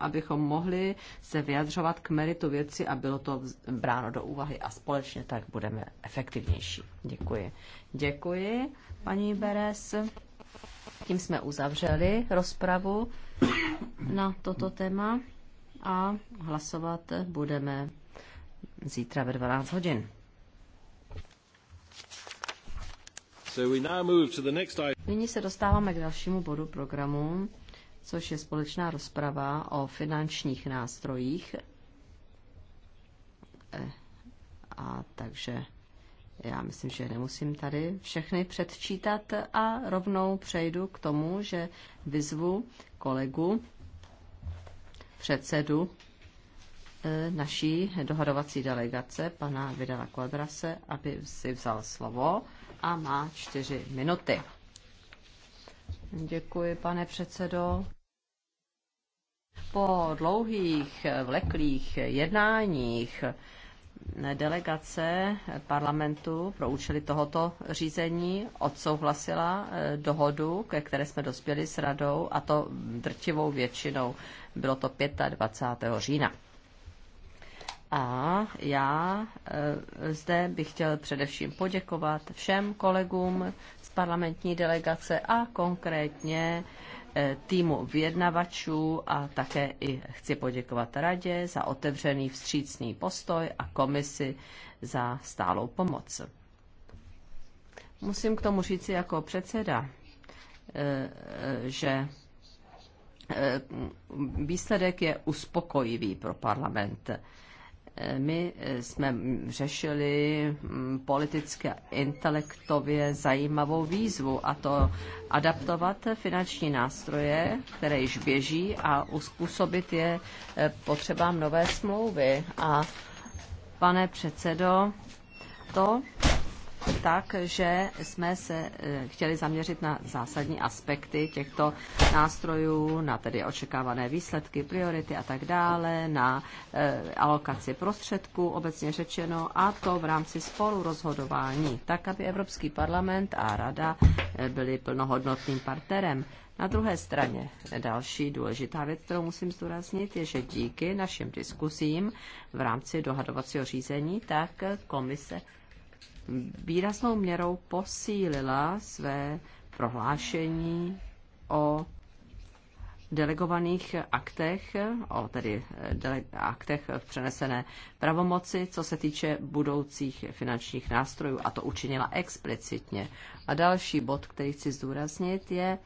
abychom mohli se vyjadřovat k meritu věci a bylo to bráno do úvahy a společně tak budeme efektivnější. Děkuji. Děkuji, paní Beres. Tím jsme uzavřeli rozpravu na toto téma a hlasovat budeme zítra ve 12 hodin. Nyní se dostáváme k dalšímu bodu programu což je společná rozprava o finančních nástrojích. Eh, a takže já myslím, že nemusím tady všechny předčítat a rovnou přejdu k tomu, že vyzvu kolegu, předsedu eh, naší dohadovací delegace, pana Vidala Quadrase, aby si vzal slovo a má čtyři minuty. Děkuji, pane předsedo. Po dlouhých vleklých jednáních delegace parlamentu pro účely tohoto řízení odsouhlasila eh, dohodu, ke které jsme dospěli s radou, a to drtivou většinou. Bylo to 25. října. A já eh, zde bych chtěl především poděkovat všem kolegům z parlamentní delegace a konkrétně Eh, týmu vyjednavačů a také i chci poděkovat radě za otevřený vstřícný postoj a komisi za stálou pomoc. Musím k tomu říci jako předseda, eh, eh, že výsledek je uspokojivý pro parlament my eh, jsme řešili mm, politicky a intelektově zajímavou výzvu a to adaptovat finanční nástroje, které již běží a uspůsobit je eh, potřebám nové smlouvy. A pane předsedo, to tak, že jsme se eh, chtěli zaměřit na zásadní aspekty těchto nástrojů, na tedy očekávané výsledky, priority a tak dále, na eh, alokaci prostředků, obecně řečeno, a to v rámci sporu rozhodování, tak, aby Evropský parlament a Rada eh, byli plnohodnotným partnerem. Na druhé straně další důležitá věc, kterou musím zdůraznit, je, že díky našim diskuzím v rámci dohadovacího řízení, tak komise výraznou měrou posílila své prohlášení o delegovaných aktech, o tedy eh, aktech v přenesené pravomoci, co se týče budoucích finančních nástrojů, a to učinila explicitně. A další bod, který chci zdůraznit, je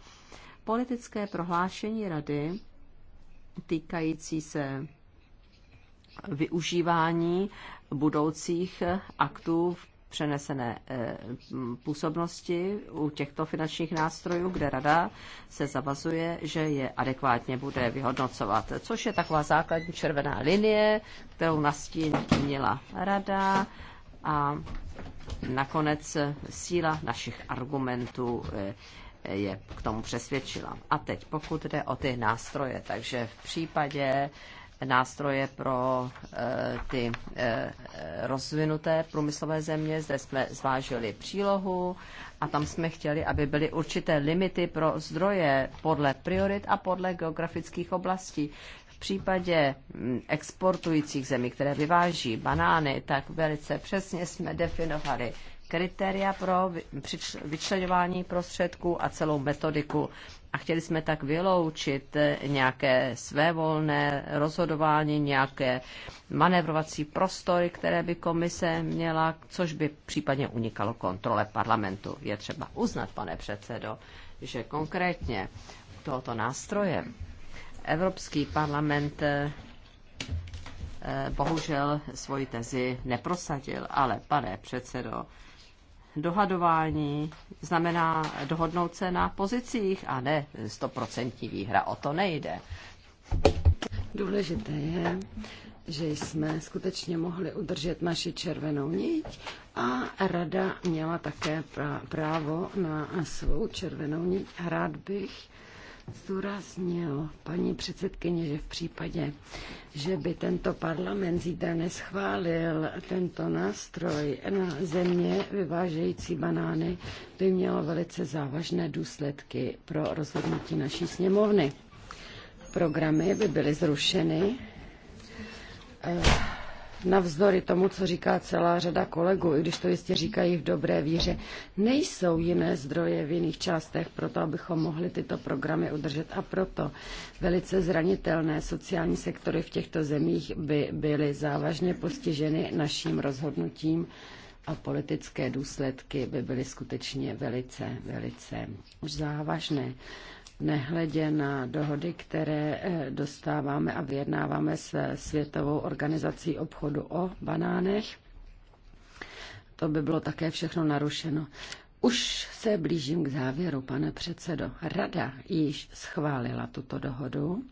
politické prohlášení rady týkající se využívání budoucích aktů v přenesené eh, působnosti u těchto finančních nástrojů, kde rada se zavazuje, že je adekvátně bude vyhodnocovat, což je taková základní červená linie, kterou nastínila rada a nakonec síla našich argumentů eh, je k tomu přesvědčila. A teď pokud jde o ty nástroje, takže v případě nástroje pro eh, ty eh, rozvinuté průmyslové země. Zde jsme zvážili přílohu a tam jsme chtěli, aby byly určité limity pro zdroje podle priorit a podle geografických oblastí. V případě mm, exportujících zemí, které vyváží banány, tak velice přesně jsme definovali kritéria pro vyčleňování prostředků a celou metodiku a chtěli jsme tak vyloučit eh, nějaké svévolné rozhodování, nějaké manevrovací prostory, které by komise měla, což by případně unikalo kontrole parlamentu. Je třeba uznat, pane předsedo, že konkrétně tohoto nástroje Evropský parlament eh, eh, bohužel svoji tezi neprosadil, ale pane předsedo, dohadování znamená dohodnout se na pozicích a ne stoprocentní výhra. O to nejde. Důležité je, že jsme skutečně mohli udržet naši červenou niť a rada měla také právo na svou červenou niť. Rád bych zdůraznil paní předsedkyně, že v případě, že by tento parlament zítra neschválil tento nástroj na země vyvážející banány, by mělo velice závažné důsledky pro rozhodnutí naší sněmovny. Programy by byly zrušeny eh, navzdory tomu, co říká celá řada kolegů, i když to jistě říkají v dobré víře, nejsou jiné zdroje v jiných částech pro to, abychom mohli tyto programy udržet a proto velice zranitelné sociální sektory v těchto zemích by byly závažně postiženy naším rozhodnutím a politické důsledky by byly skutečně velice, velice závažné nehledě na dohody, které eh, dostáváme a vyjednáváme s Světovou organizací obchodu o banánech. To by bylo také všechno narušeno. Už se blížím k závěru, pane předsedo. Rada již schválila tuto dohodu,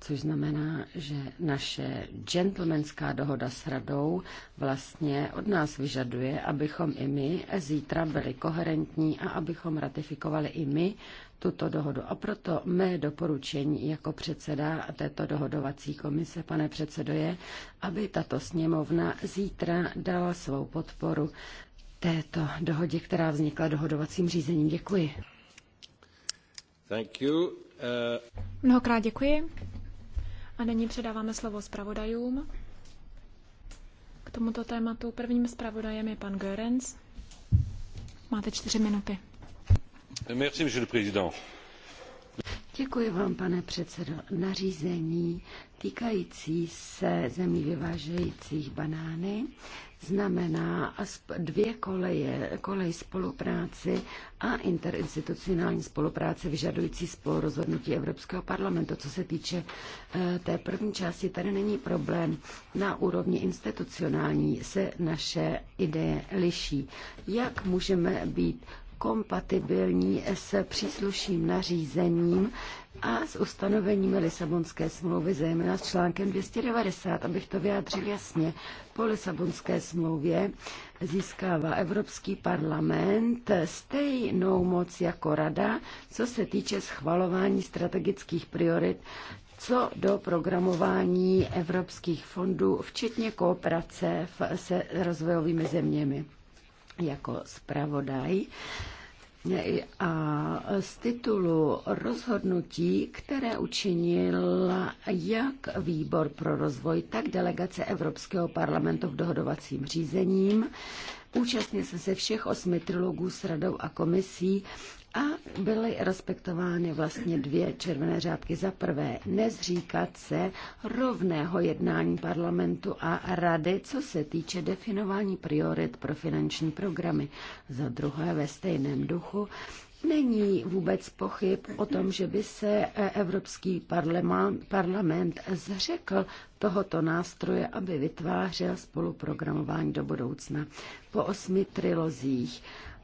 což znamená, že naše gentlemanská dohoda s radou vlastně od nás vyžaduje, abychom i my zítra byli koherentní a abychom ratifikovali i my tuto dohodu. A proto mé doporučení jako předseda této dohodovací komise, pane předsedo, je, aby tato sněmovna zítra dala svou podporu této dohodě, která vznikla dohodovacím řízením. Děkuji. Thank you. Uh... Mnohokrát děkuji. A nyní předáváme slovo zpravodajům. K tomuto tématu prvním zpravodajem je pan Görens. Máte čtyři minuty. Děkuji vám, pane předsedo. Nařízení týkající se zemí vyvážejících banány znamená dvě koleje, kolej spolupráci a interinstitucionální spolupráci vyžadující spolu rozhodnutí Evropského parlamentu. Co se týče eh, té první části, tady není problém. Na úrovni institucionální se naše ideje liší. Jak můžeme být kompatibilní s příslušným nařízením a s ustanovením Lisabonské smlouvy, zejména s článkem 290, abych to vyjádřil jasně. Po Lisabonské smlouvě získává Evropský parlament stejnou moc jako Rada, co se týče schvalování strategických priorit co do programování evropských fondů, včetně kooperace se rozvojovými zeměmi jako zpravodaj a z titulu rozhodnutí, které učinil jak výbor pro rozvoj, tak delegace Evropského parlamentu v dohodovacím řízením, Účastnil jsem se všech osmi trilogů s radou a komisí a byly respektovány vlastně dvě červené řádky. Za prvé, nezříkat se rovného jednání parlamentu a rady, co se týče definování priorit pro finanční programy. Za druhé, ve stejném duchu, Není vůbec pochyb o tom, že by se Evropský parlament, zřekl tohoto nástroje, aby vytvářel spoluprogramování do budoucna po osmi trilozích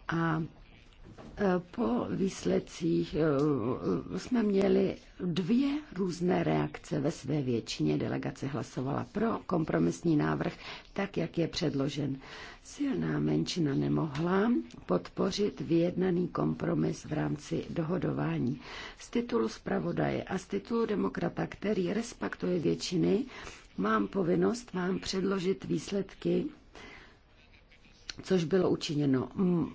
a po výsledcích eh, jsme měli dvě různé reakce. Ve své většině delegace hlasovala pro kompromisní návrh, tak jak je předložen. Silná menšina nemohla podpořit vyjednaný kompromis v rámci dohodování. Z titulu zpravodaje a z titulu demokrata, který respektuje většiny, mám povinnost vám předložit výsledky což bylo učiněno.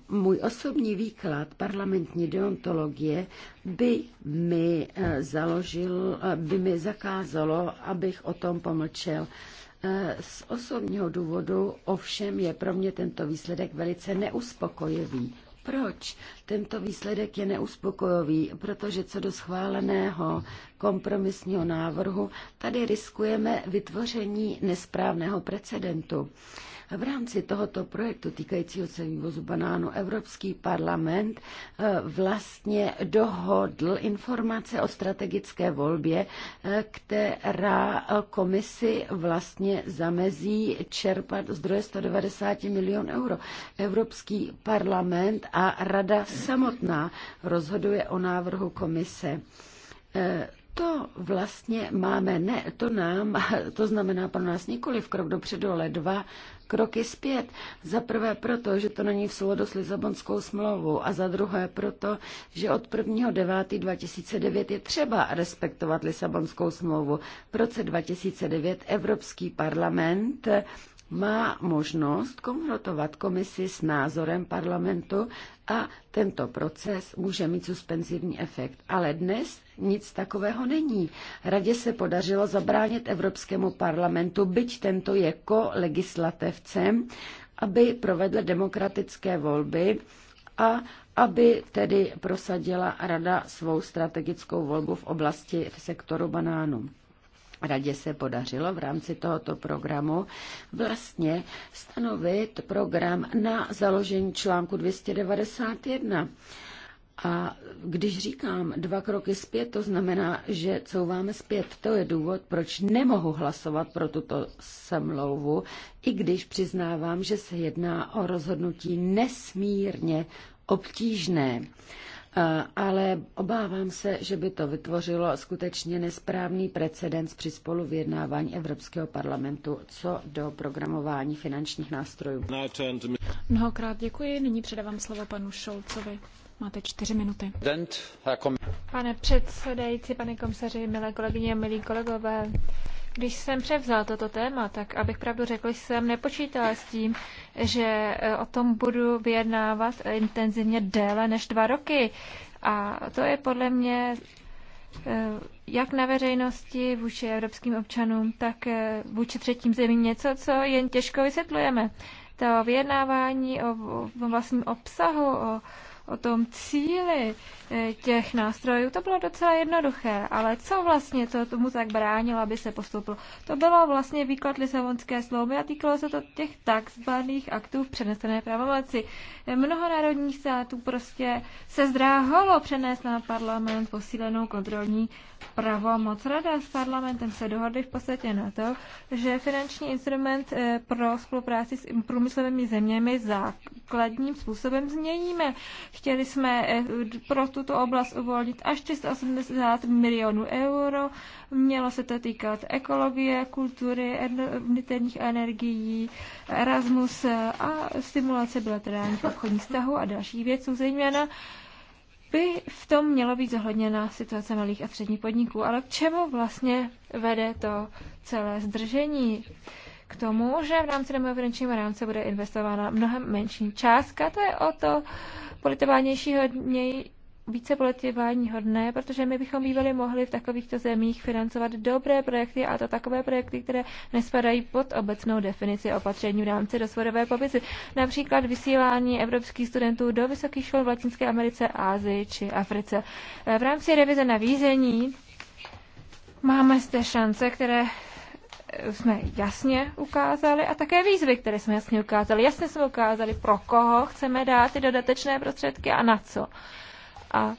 Můj osobní výklad parlamentní deontologie by mi, eh, založil, eh, by mi zakázalo, abych o tom pomlčel. Eh, z osobního důvodu ovšem je pro mě tento výsledek velice neuspokojivý. Proč? Tento výsledek je neuspokojový, protože co do schváleného kompromisního návrhu, tady riskujeme vytvoření nesprávného precedentu. V rámci tohoto projektu týkajícího se vývozu banánu Evropský parlament eh, vlastně dohodl informace o strategické volbě, eh, která komisi vlastně zamezí čerpat zdroje 190 milion euro. Evropský parlament a rada samotná rozhoduje o návrhu komise. E, to vlastně máme, ne, to nám, to znamená pro nás nikoli v krok dopředu, ale dva kroky zpět. Za prvé proto, že to není v souladu s Lizabonskou smlouvou a za druhé proto, že od 1.9.2009 je třeba respektovat Lisabonskou smlouvu. V roce 2009 Evropský parlament má možnost konfrontovat komisi s názorem parlamentu a tento proces může mít suspenzivní efekt. Ale dnes nic takového není. Radě se podařilo zabránit Evropskému parlamentu, byť tento je ko-legislativcem, aby provedl demokratické volby a aby tedy prosadila Rada svou strategickou volbu v oblasti v sektoru banánů radě se podařilo v rámci tohoto programu vlastně stanovit program na založení článku 291. A když říkám dva kroky zpět, to znamená, že couváme zpět. To je důvod, proč nemohu hlasovat pro tuto semlouvu, i když přiznávám, že se jedná o rozhodnutí nesmírně obtížné. Eh, ale obávám se, že by to vytvořilo skutečně nesprávný precedens při vyjednávání Evropského parlamentu co do programování finančních nástrojů. Mnohokrát děkuji. Nyní předávám slovo panu Šolcovi. Máte čtyři minuty. Pane předsedající, pane komisaři, milé kolegyně, milí kolegové, když jsem převzal toto téma, tak abych pravdu řekl, jsem nepočítal s tím, že e, o tom budu vyjednávat intenzivně déle než dva roky. A to je podle mě e, jak na veřejnosti vůči evropským občanům, tak e, vůči třetím zemím něco, co jen těžko vysvětlujeme. To vyjednávání o vlastním obsahu, o o tom cíli eh, těch nástrojů, to bylo docela jednoduché, ale co vlastně to tomu tak bránilo, aby se postoupilo? To bylo vlastně výklad Lisabonské slovy a týkalo se to těch takzvaných aktů v přenesené pravomoci. Mnoho národních států prostě se zdráhalo přenést na parlament posílenou kontrolní pravomoc. Rada s parlamentem se dohodly v podstatě na to, že finanční instrument eh, pro spolupráci s průmyslovými zeměmi základním způsobem změníme. Chtěli jsme eh, pro tuto oblast uvolnit až 380 milionů euro. Mělo se to týkat ekologie, kultury, vnitřních energií, Erasmus eh, a stimulace bilaterálních obchodních vztahů a dalších věců, zejména by v tom měla být zohledněna situace malých a středních podniků. Ale k čemu vlastně vede to celé zdržení? K tomu, že v rámci demofinančního rámce bude investována mnohem menší částka, to je o to politovánějšího více politivání hodné, protože my bychom bývali mohli v takovýchto zemích financovat dobré projekty a to takové projekty, které nespadají pod obecnou definici opatření v rámci rozvodové pobyty. Například vysílání evropských studentů do vysokých škol v Latinské Americe, Ázii či Africe. V rámci revize na vízení máme zde šance, které jsme jasně ukázali a také výzvy, které jsme jasně ukázali. Jasně jsme ukázali, pro koho chceme dát ty dodatečné prostředky a na co. A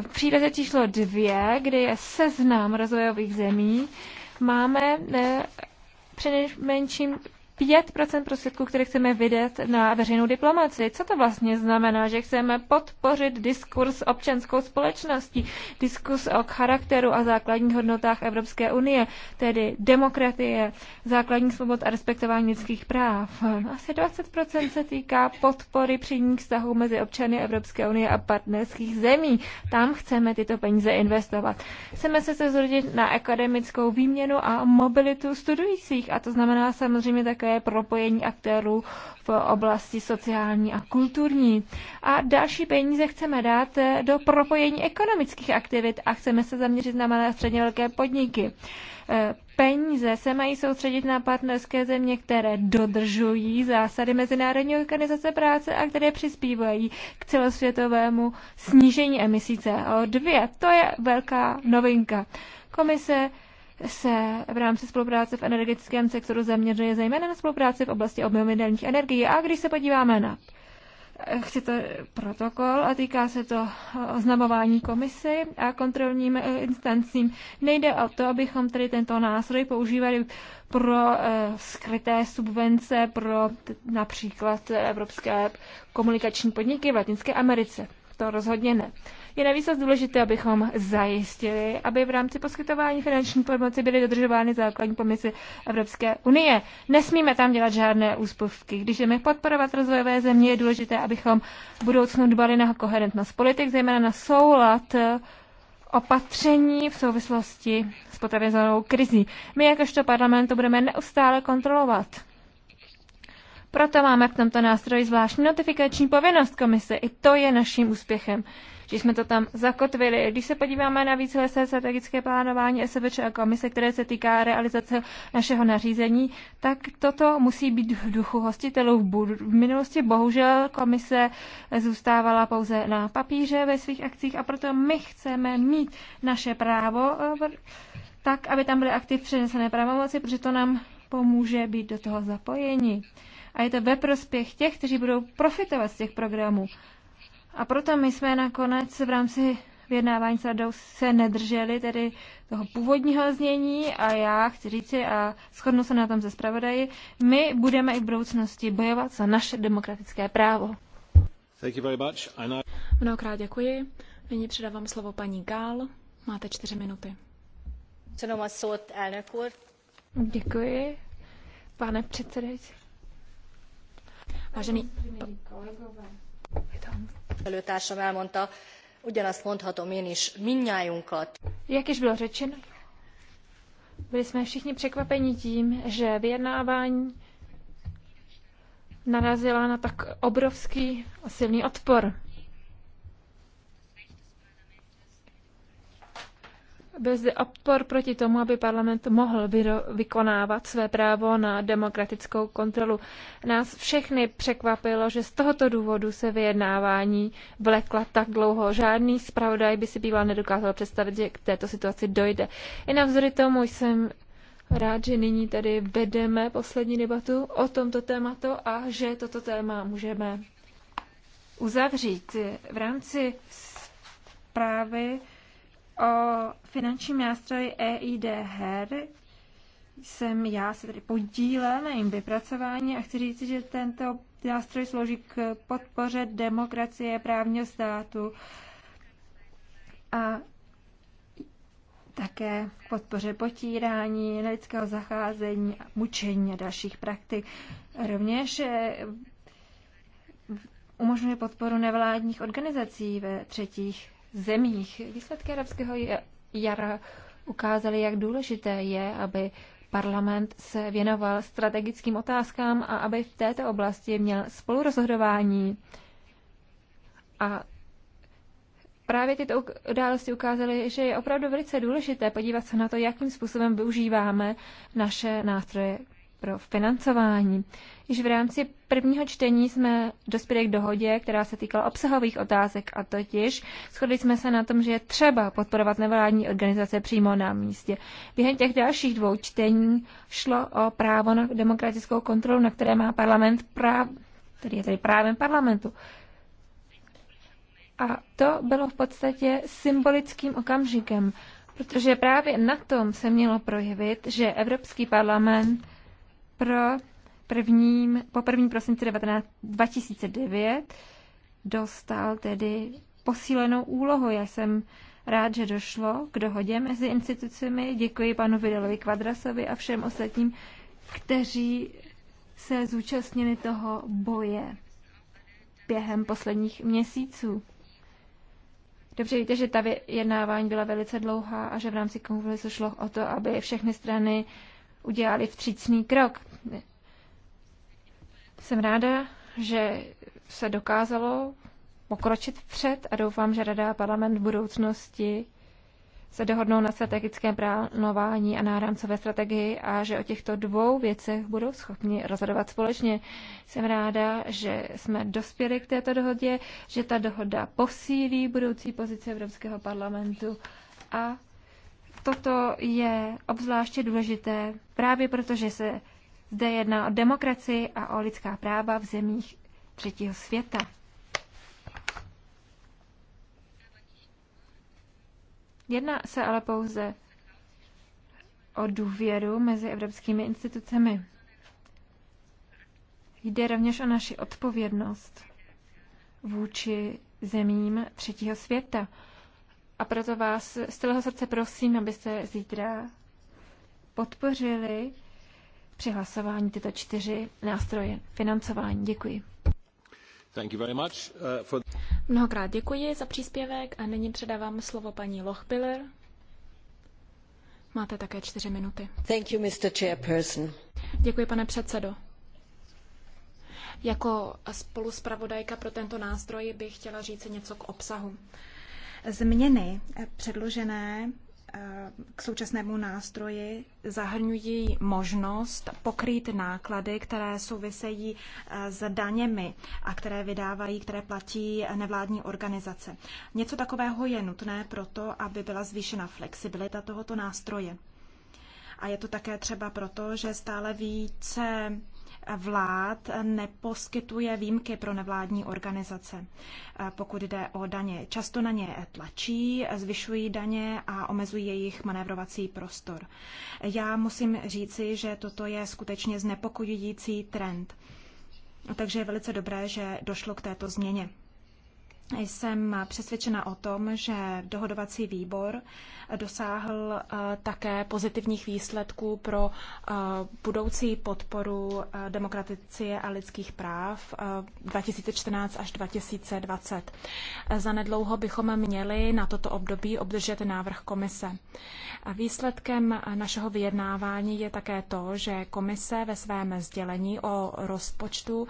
v příloze číslo dvě, kde je seznam rozvojových zemí, máme přinejmenším 5% prostředků, které chceme vydat na veřejnou diplomaci. Co to vlastně znamená, že chceme podpořit diskurs občanskou společností, diskurs o charakteru a základních hodnotách Evropské unie, tedy demokratie, základní svobod a respektování lidských práv. Asi 20% se týká podpory přímých vztahů mezi občany Evropské unie a partnerských zemí. Tam chceme tyto peníze investovat. Chceme se zrodit na akademickou výměnu a mobilitu studujících a to znamená samozřejmě také také propojení aktérů v oblasti sociální a kulturní. A další peníze chceme dát eh, do propojení ekonomických aktivit a chceme se zaměřit na malé a středně velké podniky. Eh, peníze se mají soustředit na partnerské země, které dodržují zásady Mezinárodní organizace práce a které přispívají k celosvětovému snížení emisí CO2. To je velká novinka. Komise se v rámci spolupráce v energetickém sektoru zaměřuje zejména na spolupráci v oblasti obnovitelných energií. A když se podíváme na chci to protokol a týká se to oznamování komisy a kontrolním instancím. Nejde o to, abychom tedy tento nástroj používali pro eh, skryté subvence pro například evropské komunikační podniky v Latinské Americe. To rozhodně ne. Je navíc důležité, abychom zajistili, aby v rámci poskytování finanční pomoci byly dodržovány základní pomysly Evropské unie. Nesmíme tam dělat žádné úspěvky. Když jdeme podporovat rozvojové země, je důležité, abychom v budoucnu dbali na koherentnost politik, zejména na soulad opatření v souvislosti s potravinovou krizí. My jakožto parlament to budeme neustále kontrolovat. Proto máme v tomto nástroji zvláštní notifikační povinnost komise. I to je naším úspěchem že jsme to tam zakotvili. Když se podíváme na víceleté strategické plánování SVČ a komise, které se týká realizace našeho nařízení, tak toto musí být v duchu hostitelů. V minulosti bohužel komise zůstávala pouze na papíře ve svých akcích a proto my chceme mít naše právo eh, tak, aby tam byly aktiv přenesené pravomoci, protože to nám pomůže být do toho zapojeni. A je to ve prospěch těch, kteří budou profitovat z těch programů. A proto my jsme nakonec v rámci vyjednávání s radou se nedrželi tedy toho původního znění a já chci říci a shodnu se na tom ze zpravodaji, my budeme i v budoucnosti bojovat za naše demokratické právo. Thank you very much. I... Mnohokrát děkuji. Nyní předávám slovo paní Gál. Máte čtyři minuty. Děkuji, pane předsedající. Vážený... Je Előtársam elmondta, ugyanazt mondhatom én is, minnyájunkat. Jak již bylo řečeno, byli jsme všichni překvapeni tím, že vyjednávání narazila na tak obrovský a silný odpor. byl zde odpor proti tomu, aby parlament mohl vykonávat své právo na demokratickou kontrolu. Nás všechny překvapilo, že z tohoto důvodu se vyjednávání vlekla tak dlouho. Žádný zpravodaj by si býval nedokázal představit, že k této situaci dojde. I navzory tomu jsem rád, že nyní tady vedeme poslední debatu o tomto tématu a že toto téma můžeme uzavřít v rámci zprávy o finančním nástroji EID her. Jsem já se tedy podílel na jim vypracování a chci říct, že tento nástroj slouží k podpoře demokracie, právního státu a také k podpoře potírání, lidského zacházení, mučení a dalších praktik. Rovněž eh, umožňuje podporu nevládních organizací ve třetích zemích. Výsledky arabského jara ukázaly, jak důležité je, aby parlament se věnoval strategickým otázkám a aby v této oblasti měl spolurozhodování. A právě tyto události ukázaly, že je opravdu velice důležité podívat se na to, jakým způsobem využíváme naše nástroje pro financování. Již v rámci prvního čtení jsme dospěli k dohodě, která se týkala obsahových otázek a totiž shodli jsme se na tom, že je třeba podporovat nevládní organizace přímo na místě. Během těch dalších dvou čtení šlo o právo na demokratickou kontrolu, na které má parlament práv, který je tedy právem parlamentu. A to bylo v podstatě symbolickým okamžikem, protože právě na tom se mělo projevit, že Evropský parlament pro prvním, po 1. prosinci 19, 2009 dostal tedy posílenou úlohu. Já jsem rád, že došlo k dohodě mezi institucemi. Děkuji panu Vidalovi Kvadrasovi a všem ostatním, kteří se zúčastnili toho boje během posledních měsíců. Dobře víte, že ta vyjednávání byla velice dlouhá a že v rámci konvolisu šlo o to, aby všechny strany udělali vstřícný krok. Jsem ráda, že se dokázalo pokročit vpřed a doufám, že Rada a parlament v budoucnosti se dohodnou na strategickém plánování a na strategii a že o těchto dvou věcech budou schopni rozhodovat společně. Jsem ráda, že jsme dospěli k této dohodě, že ta dohoda posílí budoucí pozici Evropského parlamentu a toto je obzvláště důležité právě protože se zde jedná o demokracii a o lidská práva v zemích třetího světa. Jedná se ale pouze o důvěru mezi evropskými institucemi. Jde rovněž o naši odpovědnost vůči zemím třetího světa. A proto vás z celého srdce prosím, abyste zítra podpořili při hlasování tyto čtyři nástroje financování. Děkuji. Thank you very much uh, for... Mnohokrát děkuji za příspěvek a nyní předávám slovo paní Lochbiller. Máte také čtyři minuty. Thank you, Mr. Chairperson. Děkuji, pane předsedo. Jako spoluspravodajka pro tento nástroj bych chtěla říct něco k obsahu. Změny předložené k současnému nástroji zahrnují možnost pokrýt náklady, které souvisejí eh, s daněmi a které vydávají, které platí nevládní organizace. Něco takového je nutné proto, aby byla zvýšena flexibilita tohoto nástroje. A je to také třeba proto, že stále více vlád neposkytuje výjimky pro nevládní organizace, eh, pokud jde o daně. Často na ně tlačí, zvyšují daně a omezují jejich manévrovací prostor. Já musím říci, že toto je skutečně znepokojující trend. Takže je velice dobré, že došlo k této změně. Jsem přesvědčena o tom, že dohodovací výbor dosáhl eh, také pozitivních výsledků pro eh, budoucí podporu eh, demokracie a lidských práv 2014 až 2020. Zanedlouho bychom měli na toto období obdržet návrh komise. Výsledkem našeho vyjednávání je také to, že komise ve svém sdělení o rozpočtu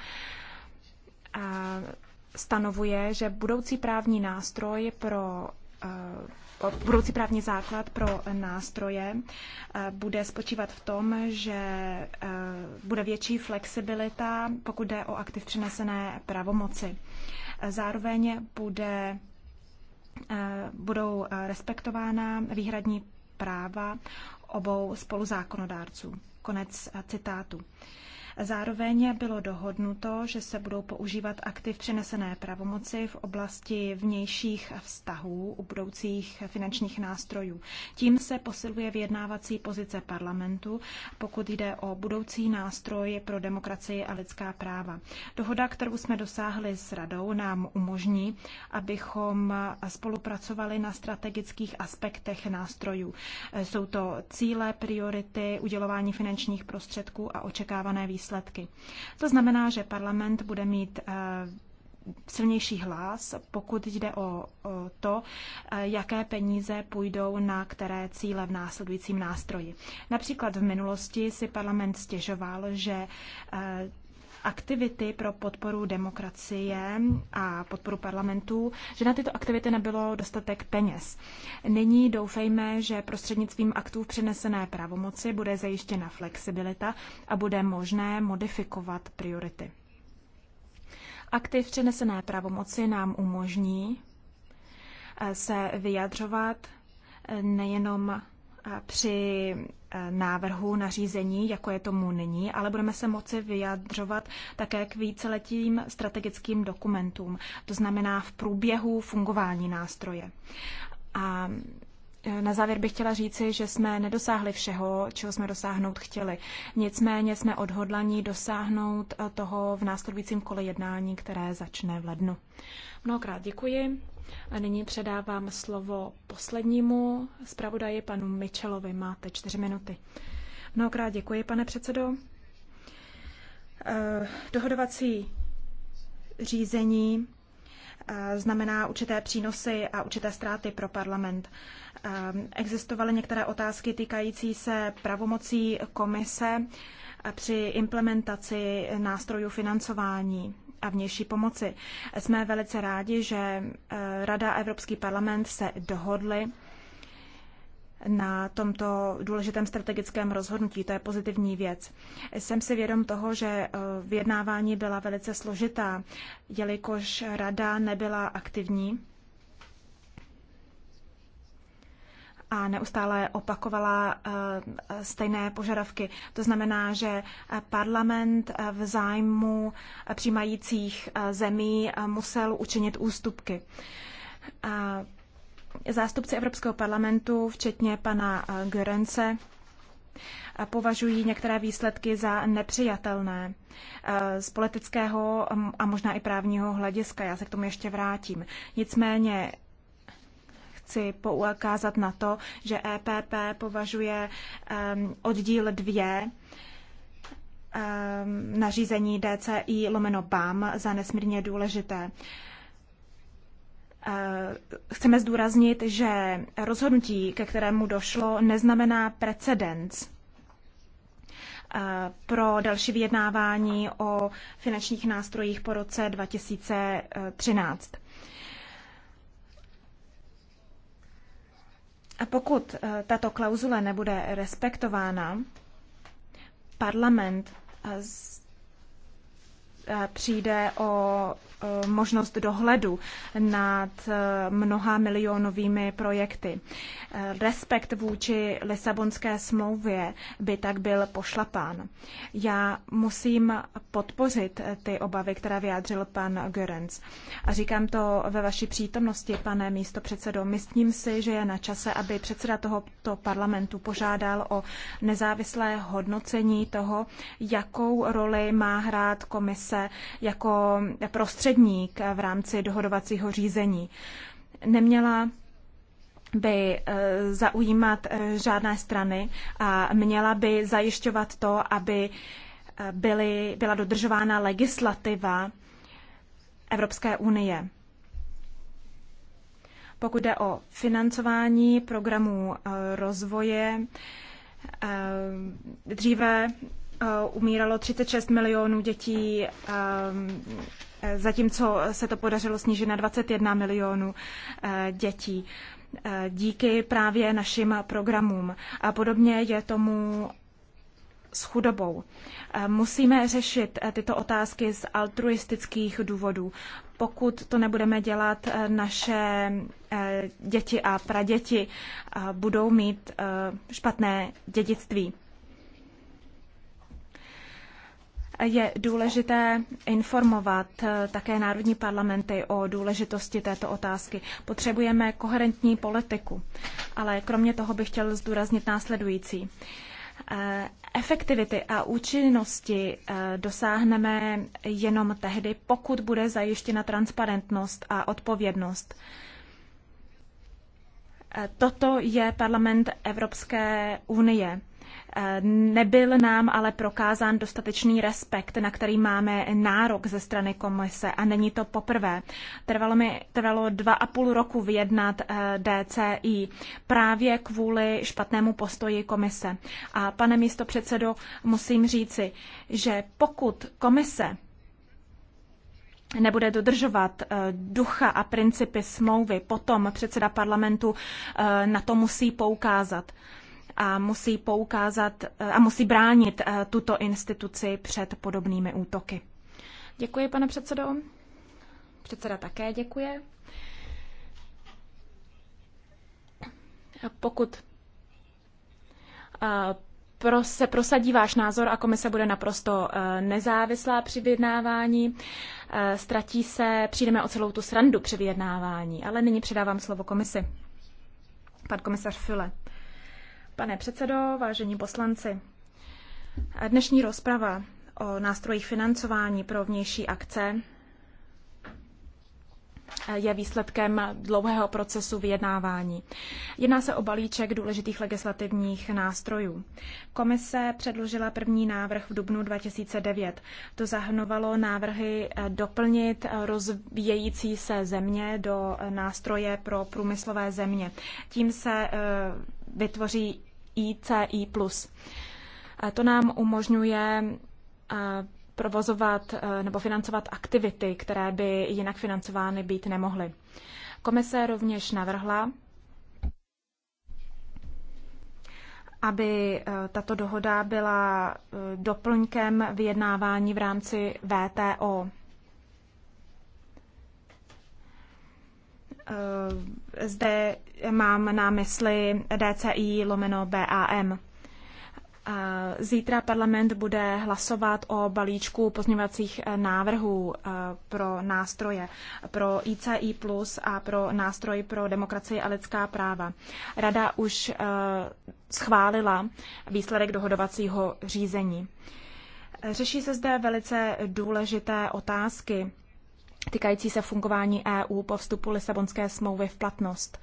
stanovuje, že budoucí právní nástroj pro eh, budoucí právní základ pro nástroje eh, bude spočívat v tom, že eh, bude větší flexibilita, pokud jde o aktiv přenesené pravomoci. Zároveň bude, budou respektována výhradní práva obou spoluzákonodárců. Konec citátu. Zároveň bylo dohodnuto, že se budou používat aktiv přenesené pravomoci v oblasti vnějších vztahů u budoucích finančních nástrojů. Tím se posiluje vyjednávací pozice parlamentu, pokud jde o budoucí nástroj pro demokracii a lidská práva. Dohoda, kterou jsme dosáhli s radou, nám umožní, abychom spolupracovali na strategických aspektech nástrojů. Jsou to cíle, priority, udělování finančních prostředků a očekávané výsledky výsledky. To znamená, že parlament bude mít eh, silnější hlas, pokud jde o to, eh, jaké peníze půjdou na které cíle v následujícím nástroji. Například v minulosti si parlament stěžoval, že eh, aktivity pro podporu demokracie a podporu parlamentů, že na tyto aktivity nebylo dostatek peněz. Nyní doufejme, že prostřednictvím aktů přenesené pravomoci bude zajištěna flexibilita a bude možné modifikovat priority. Akty v přenesené pravomoci nám umožní eh, se vyjadřovat eh, nejenom eh, při návrhu nařízení, jako je tomu nyní, ale budeme se moci vyjadřovat také k víceletým strategickým dokumentům, to znamená v průběhu fungování nástroje. A e, na závěr bych chtěla říci, že jsme nedosáhli všeho, čeho jsme dosáhnout chtěli. Nicméně jsme odhodlaní dosáhnout e, toho v následujícím kole jednání, které začne v lednu. Mnohokrát děkuji. A nyní předávám slovo poslednímu zpravodaji panu Michelovi. Máte čtyři minuty. Mnohokrát děkuji, pane předsedo. Eh, dohodovací řízení eh, znamená určité přínosy a určité ztráty pro parlament. Eh, existovaly některé otázky týkající se pravomocí komise při implementaci nástrojů financování a vnější pomoci. Jsme velice rádi, že eh, Rada a Evropský parlament se dohodli na tomto důležitém strategickém rozhodnutí. To je pozitivní věc. Jsem si vědom toho, že eh, vyjednávání byla velice složitá, jelikož rada nebyla aktivní a neustále opakovala eh, stejné požadavky. To znamená, že eh, parlament eh, v zájmu přijímajících zemí musel učinit ústupky. Zástupci Evropského parlamentu, včetně pana Görence, považují některé výsledky za nepřijatelné z politického mm, a možná i právního hlediska. Já se k tomu ještě vrátím. Nicméně chci poukázat na to, že EPP považuje ehm, oddíl 2 ehm, nařízení DCI lomeno BAM za nesmírně důležité. Ehm, chceme zdůraznit, že rozhodnutí, ke kterému došlo, neznamená precedens pro další vyjednávání o finančních nástrojích po roce 2013. A pokud eh, tato klauzule nebude respektována, parlament eh, Eh, přijde o eh, možnost dohledu nad eh, mnoha milionovými projekty. Respekt vůči Lisabonské smlouvě by tak byl pošlapán. Já musím podpořit ty obavy, které vyjádřil pan Görens. A říkám to ve vaší přítomnosti, pane místo předsedo. Myslím si, že je na čase, aby předseda tohoto parlamentu požádal o nezávislé hodnocení toho, jakou roli má hrát komise komise jako prostředník v rámci dohodovacího řízení. Neměla by e, zaujímat e, žádné strany a měla by zajišťovat to, aby e, byly, byla dodržována legislativa Evropské unie. Pokud jde o financování programů rozvoje, dříve Eh, umíralo 36 milionů dětí, ehm, eh, zatímco se to podařilo snížit na 21 milionů eh, dětí díky právě našim programům. A podobně je tomu s chudobou. Musíme řešit tyto otázky z altruistických důvodů. Pokud to nebudeme dělat, naše děti a praděti budou mít špatné dědictví. je důležité informovat eh, také národní parlamenty o důležitosti této otázky. Potřebujeme koherentní politiku, ale kromě toho bych chtěl zdůraznit následující. Eh, efektivity a účinnosti eh, dosáhneme jenom tehdy, pokud bude zajištěna transparentnost a odpovědnost. Toto je parlament Evropské unie. Nebyl nám ale prokázán dostatečný respekt, na který máme nárok ze strany komise a není to poprvé. Trvalo mi trvalo dva a půl roku vyjednat eh, DCI právě kvůli špatnému postoji komise. A pane místo předsedo, musím říci, že pokud komise nebude dodržovat eh, ducha a principy smlouvy, potom předseda parlamentu eh, na to musí poukázat a musí poukázat eh, a musí bránit eh, tuto instituci před podobnými útoky. Děkuji, pane předsedo. Předseda také děkuje. pokud eh, se prosadí váš názor a komise bude naprosto nezávislá při vyjednávání. Ztratí se, přijdeme o celou tu srandu při vyjednávání, ale nyní předávám slovo komisi. Pan komisař File. Pane předsedo, vážení poslanci, dnešní rozprava o nástrojích financování pro vnější akce je výsledkem dlouhého procesu vyjednávání. Jedná se o balíček důležitých legislativních nástrojů. Komise předložila první návrh v dubnu 2009. To zahrnovalo návrhy eh, doplnit eh, rozvíjející se země do eh, nástroje pro průmyslové země. Tím se vytvoří ICI+. A to nám umožňuje eh, provozovat eh, nebo financovat aktivity, které by jinak financovány být nemohly. Komise rovněž navrhla, aby eh, tato dohoda byla doplňkem vyjednávání v rámci VTO, Eh, zde mám na mysli DCI lomeno BAM. Eh, zítra parlament bude hlasovat o balíčku pozměňovacích eh, návrhů pro nástroje, pro ICI plus a pro nástroj pro demokracii a lidská práva. Rada už schválila výsledek dohodovacího řízení. Řeší se zde velice důležité otázky týkající se fungování EU po vstupu Lisabonské smlouvy v platnost.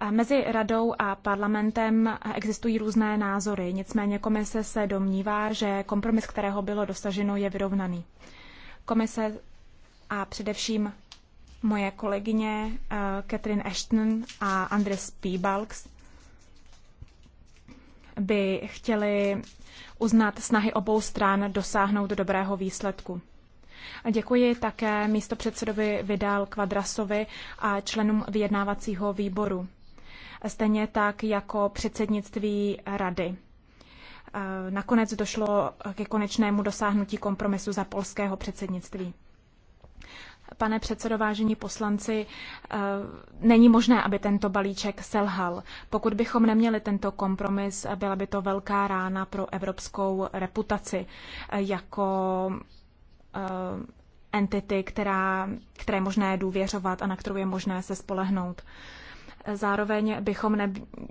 E, mezi radou a parlamentem existují různé názory, nicméně komise se domnívá, že kompromis, kterého bylo dosaženo, je vyrovnaný. Komise a především moje kolegyně e, Catherine Ashton a Andres Piebalgs by chtěli uznat snahy obou stran dosáhnout dobrého výsledku. A děkuji také místopředsedovi Vidal Kvadrasovi a členům vyjednávacího výboru. Stejně tak jako předsednictví rady. Eh, nakonec došlo ke konečnému dosáhnutí kompromisu za polského předsednictví. Pane předsedo, vážení poslanci, eh, není možné, aby tento balíček selhal. Pokud bychom neměli tento kompromis, byla by to velká rána pro evropskou reputaci eh, jako Eh, entity, která, které je možné důvěřovat a na kterou je možné se spolehnout. Zároveň bychom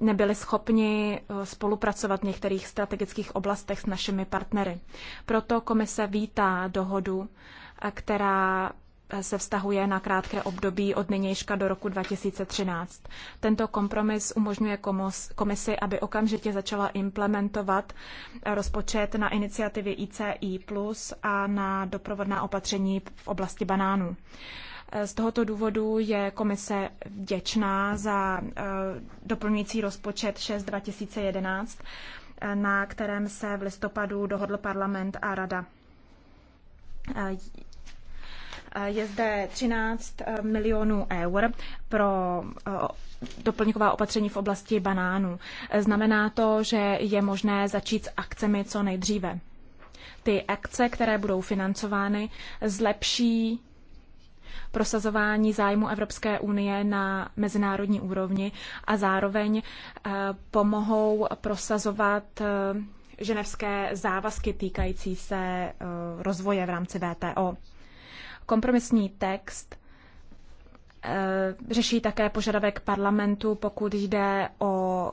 nebyli schopni eh, spolupracovat v některých strategických oblastech s našimi partnery. Proto komise vítá dohodu, eh, která se vztahuje na krátké období od nynějška do roku 2013. Tento kompromis umožňuje komisi, aby okamžitě začala implementovat rozpočet na iniciativy ICI plus a na doprovodná opatření v oblasti banánů. Z tohoto důvodu je komise vděčná za eh, doplňující rozpočet 6 2011, na kterém se v listopadu dohodl parlament a rada eh, je zde 13 eh, milionů eur pro eh, doplňková opatření v oblasti banánů. Eh, znamená to, že je možné začít s akcemi co nejdříve. Ty akce, které budou financovány, zlepší prosazování zájmu Evropské unie na mezinárodní úrovni a zároveň pomohou prosazovat ženevské závazky týkající se rozvoje v rámci VTO. Kompromisní text eh, řeší také požadavek parlamentu, pokud jde o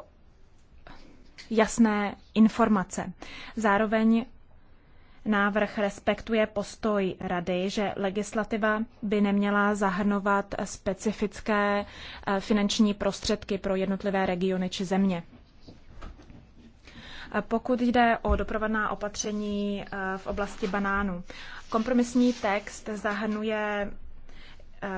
jasné informace. Zároveň návrh respektuje postoj rady, že legislativa by neměla zahrnovat specifické eh, finanční prostředky pro jednotlivé regiony či země. Eh, pokud jde o doprovodná opatření v oblasti banánu. Kompromisní text zahrnuje eh,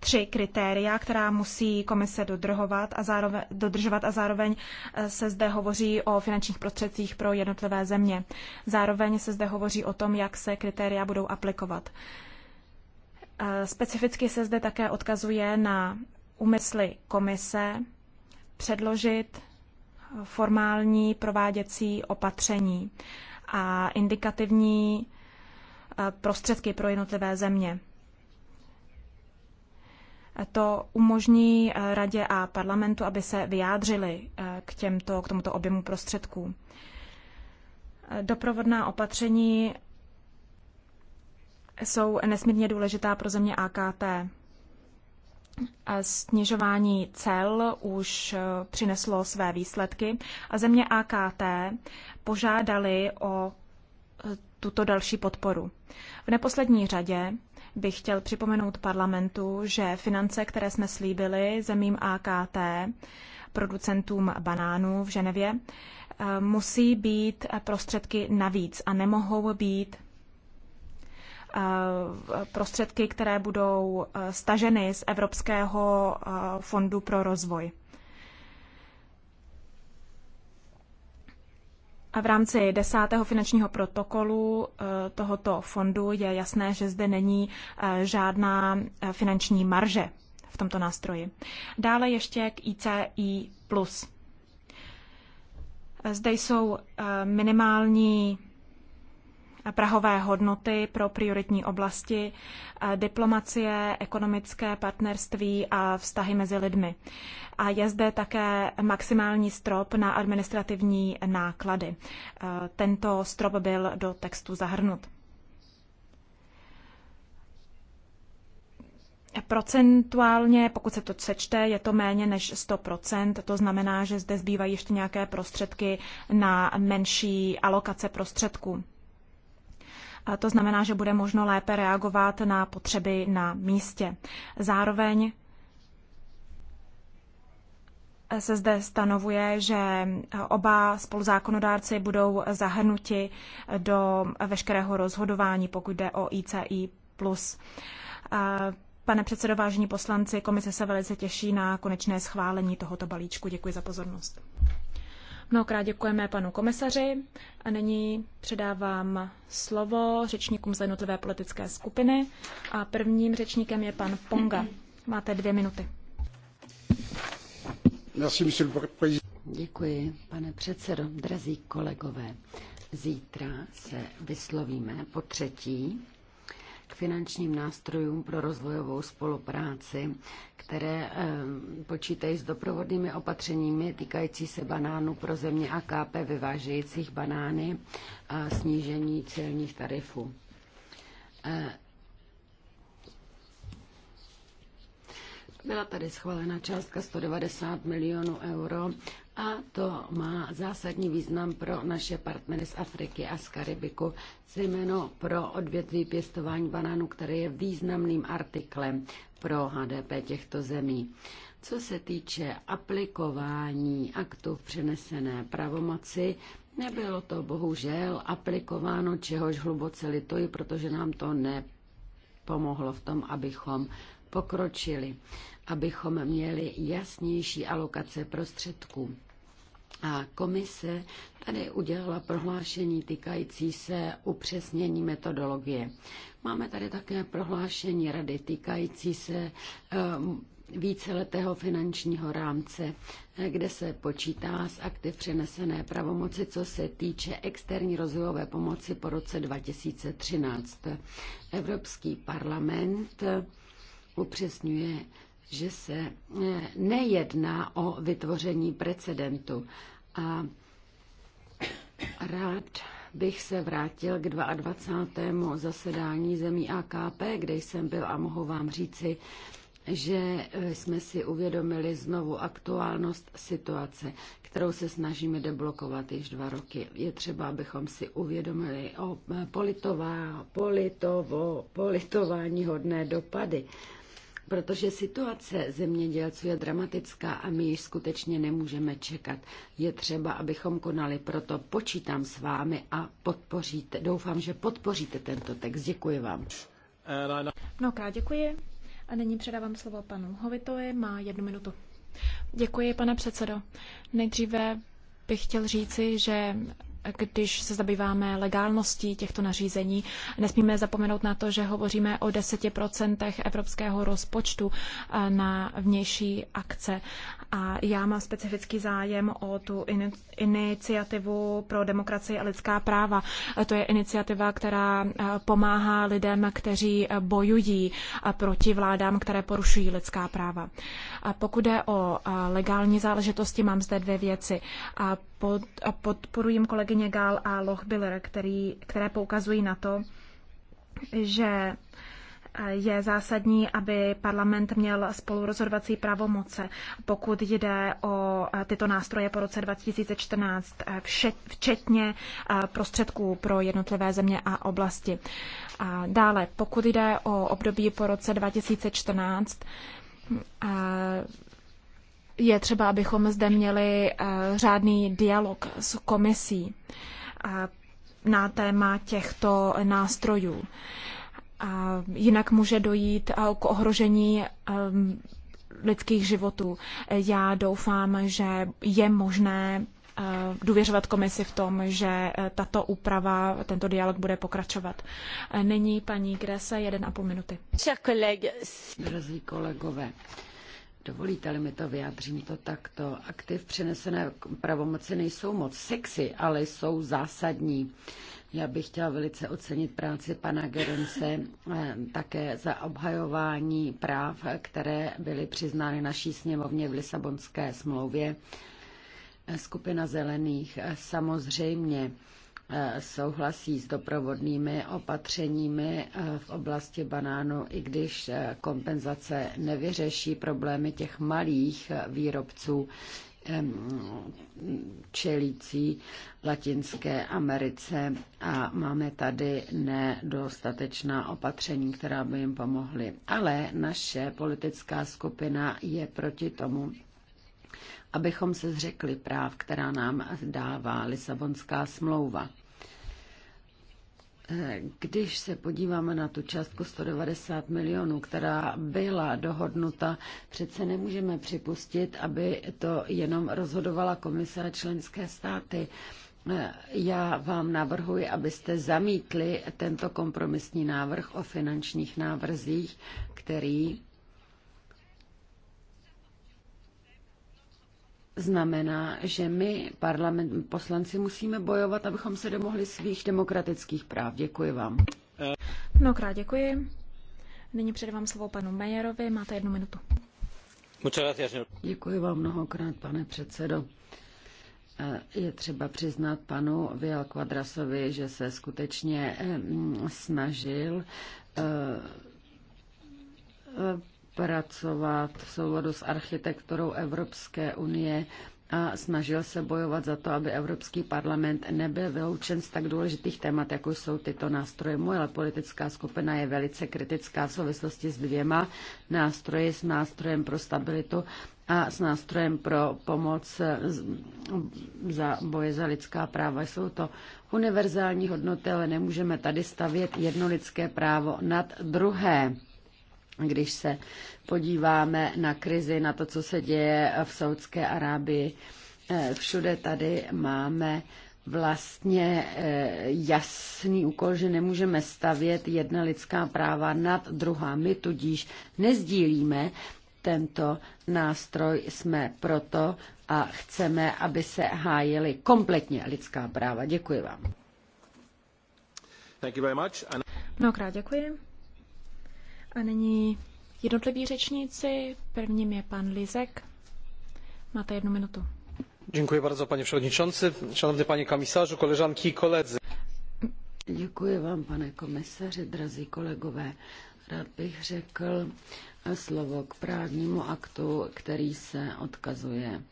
tři kritéria, která musí komise dodržovat a, zároveň, dodržovat a zároveň eh, se zde hovoří o finančních prostředcích pro jednotlivé země. Zároveň se zde hovoří o tom, jak se kritéria budou aplikovat. Eh, specificky se zde také odkazuje na úmysly komise předložit formální prováděcí opatření a indikativní eh, prostředky pro jednotlivé země. To umožní eh, radě a parlamentu, aby se vyjádřili eh, k, těmto, k tomuto objemu prostředků. Doprovodná opatření jsou nesmírně důležitá pro země AKT snižování cel už eh, přineslo své výsledky a země AKT požádali o eh, tuto další podporu. V neposlední řadě bych chtěl připomenout parlamentu, že finance, které jsme slíbili zemím AKT, producentům banánů v Ženevě, eh, musí být prostředky navíc a nemohou být Eh, prostředky, které budou eh, staženy z Evropského eh, fondu pro rozvoj. A v rámci desátého finančního protokolu tohoto fondu je jasné, že zde není žádná finanční marže v tomto nástroji. Dále ještě k ICI+. Zde jsou minimální prahové hodnoty pro prioritní oblasti eh, diplomacie, ekonomické partnerství a vztahy mezi lidmi. A je zde také maximální strop na administrativní náklady. Eh, tento strop byl do textu zahrnut. Procentuálně, pokud se to sečte, je to méně než 100%, to znamená, že zde zbývají ještě nějaké prostředky na menší alokace prostředků to znamená, že bude možno lépe reagovat na potřeby na místě. Zároveň se zde stanovuje, že oba spoluzákonodárci budou zahrnuti do veškerého rozhodování, pokud jde o ICI. Pane předsedo, vážení poslanci, komise se velice těší na konečné schválení tohoto balíčku. Děkuji za pozornost. Mnohokrát děkujeme panu komisaři a nyní předávám slovo řečníkům za jednotlivé politické skupiny a prvním řečníkem je pan Ponga. Máte dvě minuty. Děkuji, pane předsedo, drazí kolegové. Zítra se vyslovíme po třetí k finančním nástrojům pro rozvojovou spolupráci, které eh, počítají s doprovodnými opatřeními týkající se banánů pro země AKP vyvážejících banány a snížení celních tarifů. Eh, byla tady schválena částka 190 milionů euro a to má zásadní význam pro naše partnery z Afriky a z Karibiku, zejména pro odvětví pěstování banánu, které je významným artiklem pro HDP těchto zemí. Co se týče aplikování aktu v přenesené pravomoci, nebylo to bohužel aplikováno, čehož hluboce lituji, protože nám to ne pomohlo v tom, abychom pokročili, abychom měli jasnější alokace prostředků. A komise tady udělala prohlášení týkající se upřesnění metodologie. Máme tady také prohlášení rady týkající se um, víceletého finančního rámce, eh, kde se počítá s aktiv přenesené pravomoci, co se týče externí rozvojové pomoci po roce 2013. Evropský parlament eh, upřesňuje, že se eh, nejedná o vytvoření precedentu. A rád bych se vrátil k 22. zasedání zemí AKP, kde jsem byl a mohu vám říci, že eh, jsme si uvědomili znovu aktuálnost situace, kterou se snažíme deblokovat již dva roky. Je třeba, abychom si uvědomili o eh, politová, politovo, politování hodné dopady, protože situace zemědělců je dramatická a my již skutečně nemůžeme čekat. Je třeba, abychom konali, proto počítám s vámi a podpoříte, doufám, že podpoříte tento text. Děkuji vám. Mnohokrát děkuji. A nyní předávám slovo panu Hovitovi, má jednu minutu. Děkuji, pane předsedo. Nejdříve bych chtěl říci, že když se zabýváme legálností těchto nařízení, nesmíme zapomenout na to, že hovoříme o 10% evropského rozpočtu eh, na vnější akce. A já mám specifický zájem o tu iniciativu pro demokracii a lidská práva. To je iniciativa, která eh, pomáhá lidem, kteří eh, bojují eh, proti vládám, které porušují lidská práva. A pokud jde o legální záležitosti, mám zde dvě věci. A pod, a podporujím kolegyně Gál a Lochbiller, který, které poukazují na to, že je zásadní, aby parlament měl spolurozhodovací pravomoce, pokud jde o eh, tyto nástroje po roce 2014, eh, včetně eh, prostředků pro jednotlivé země a oblasti. A dále, pokud jde o období po roce 2014, je třeba, abychom zde měli řádný dialog s komisí na téma těchto nástrojů. A jinak může dojít eh, k ohrožení ehm, lidských životů. Já doufám, že je možné eh, důvěřovat komisi v tom, že eh, tato úprava, tento dialog bude pokračovat. Nyní paní Grese, jeden a půl minuty. Drazí kolegové, Dovolíte-li mi to, vyjádřím to takto. Aktiv přenesené pravomoci nejsou moc sexy, ale jsou zásadní. Já bych chtěla velice ocenit práci pana Gerence eh, také za obhajování práv, které byly přiznány naší sněmovně v Lisabonské smlouvě. Eh, skupina zelených eh, samozřejmě souhlasí s doprovodnými opatřeními v oblasti banánu, i když kompenzace nevyřeší problémy těch malých výrobců, čelící Latinské Americe a máme tady nedostatečná opatření, která by jim pomohly. Ale naše politická skupina je proti tomu, abychom se zřekli práv, která nám dává Lisabonská smlouva. Když se podíváme na tu částku 190 milionů, která byla dohodnuta, přece nemůžeme připustit, aby to jenom rozhodovala komise a členské státy. Já vám navrhuji, abyste zamítli tento kompromisní návrh o finančních návrzích, který znamená, že my, parlament, poslanci, musíme bojovat, abychom se domohli svých demokratických práv. Děkuji vám. Mnohokrát děkuji. Nyní předávám slovo panu Mejerovi. Máte jednu minutu. Děkuji vám mnohokrát, pane předsedo. Eh, je třeba přiznat panu Vial Quadrasovi, že se skutečně eh, snažil eh, pracovat v souladu s architekturou Evropské unie a snažil se bojovat za to, aby Evropský parlament nebyl vyloučen z tak důležitých témat, jako jsou tyto nástroje. Moje politická skupina je velice kritická v souvislosti s dvěma nástroji, s nástrojem pro stabilitu a s nástrojem pro pomoc za boje za lidská práva. Jsou to univerzální hodnoty, ale nemůžeme tady stavět jedno lidské právo nad druhé když se podíváme na krizi, na to, co se děje v Saudské Arábii, eh, všude tady máme vlastně eh, jasný úkol, že nemůžeme stavět jedna lidská práva nad druhá. My tudíž nezdílíme tento nástroj, jsme proto a chceme, aby se hájily kompletně lidská práva. Děkuji vám. Thank you very much. Mnohokrát děkuji. A nyní jednotliví řečníci. Prvním je pan Lizek. Máte jednu minutu. Dziękuję bardzo panie przewodniczący, szanowny panie komisarzu, koleżanki i koledzy. Děkuji vám, pane komisaři, drazí kolegové. Rád bych řekl slovo k právnímu aktu, který se odkazuje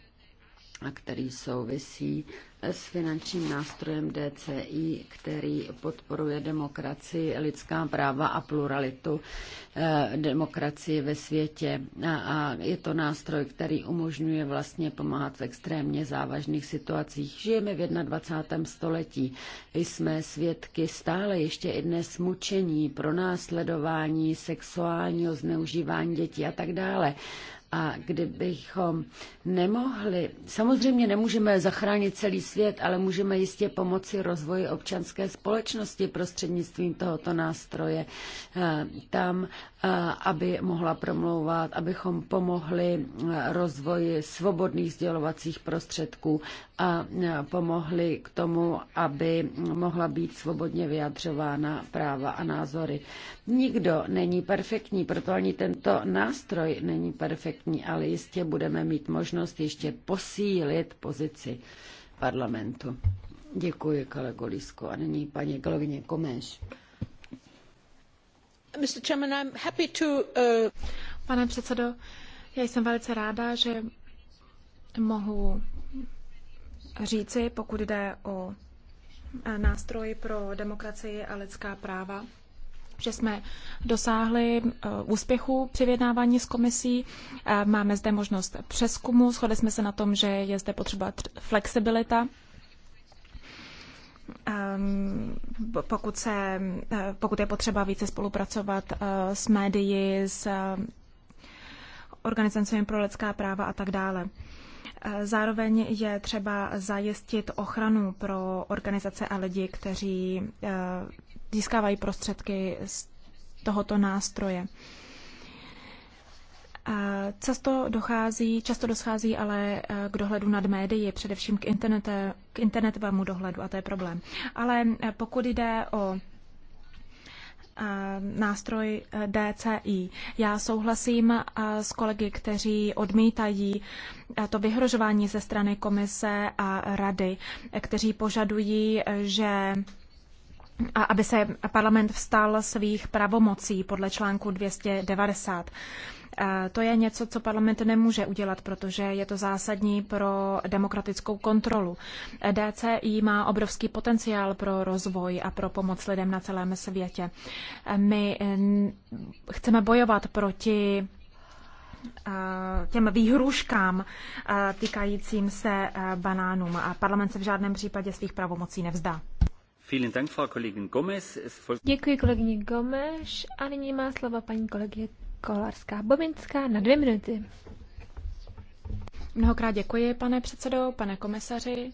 a který souvisí s finančním nástrojem DCI, který podporuje demokracii, lidská práva a pluralitu eh, demokracii ve světě. A je to nástroj, který umožňuje vlastně pomáhat v extrémně závažných situacích. Žijeme v 21. století. Jsme svědky stále ještě i dnes mučení, pronásledování, sexuálního zneužívání dětí a tak dále. A kdybychom nemohli, samozřejmě nemůžeme zachránit celý svět, ale můžeme jistě pomoci rozvoji občanské společnosti prostřednictvím tohoto nástroje eh, tam, eh, aby mohla promlouvat, abychom pomohli eh, rozvoji svobodných sdělovacích prostředků a pomohli k tomu, aby mohla být svobodně vyjadřována práva a názory. Nikdo není perfektní, proto ani tento nástroj není perfektní korektní, ale jistě budeme mít možnost ještě posílit pozici parlamentu. Děkuji, kolego Lisko. A nyní paní kolegyně Komeš. Mr. Chairman, I'm happy to, uh... Pane předsedo, já jsem velice ráda, že mohu říci, pokud jde o nástroj pro demokracii a lidská práva, že jsme dosáhli eh, úspěchu při vyjednávání s komisí. Eh, máme zde možnost přeskumu, shodli jsme se na tom, že je zde potřeba flexibilita ehm, pokud, se, eh, pokud je potřeba více spolupracovat s médii, s organizacemi pro lidská práva a tak dále. Zároveň je třeba zajistit ochranu pro organizace a lidi, kteří získávají prostředky z tohoto nástroje. Často dochází, často dochází ale eh, k dohledu nad médii, především k, internete, k internetovému dohledu a to je problém. Ale eh, pokud jde o eh, nástroj DCI. Já souhlasím s kolegy, kteří odmítají to vyhrožování ze strany komise a rady, kteří požadují, že a aby se parlament vstal svých pravomocí podle článku 290. To je něco, co parlament nemůže udělat, protože je to zásadní pro demokratickou kontrolu. DCI má obrovský potenciál pro rozvoj a pro pomoc lidem na celém světě. My chceme bojovat proti těm výhruškám týkajícím se banánům a parlament se v žádném případě svých pravomocí nevzdá. Děkuji kolegyni Gomes a nyní má slovo paní kolegyně Kolarská Bobinská na dvě minuty. Mnohokrát děkuji, pane předsedo, pane komisaři.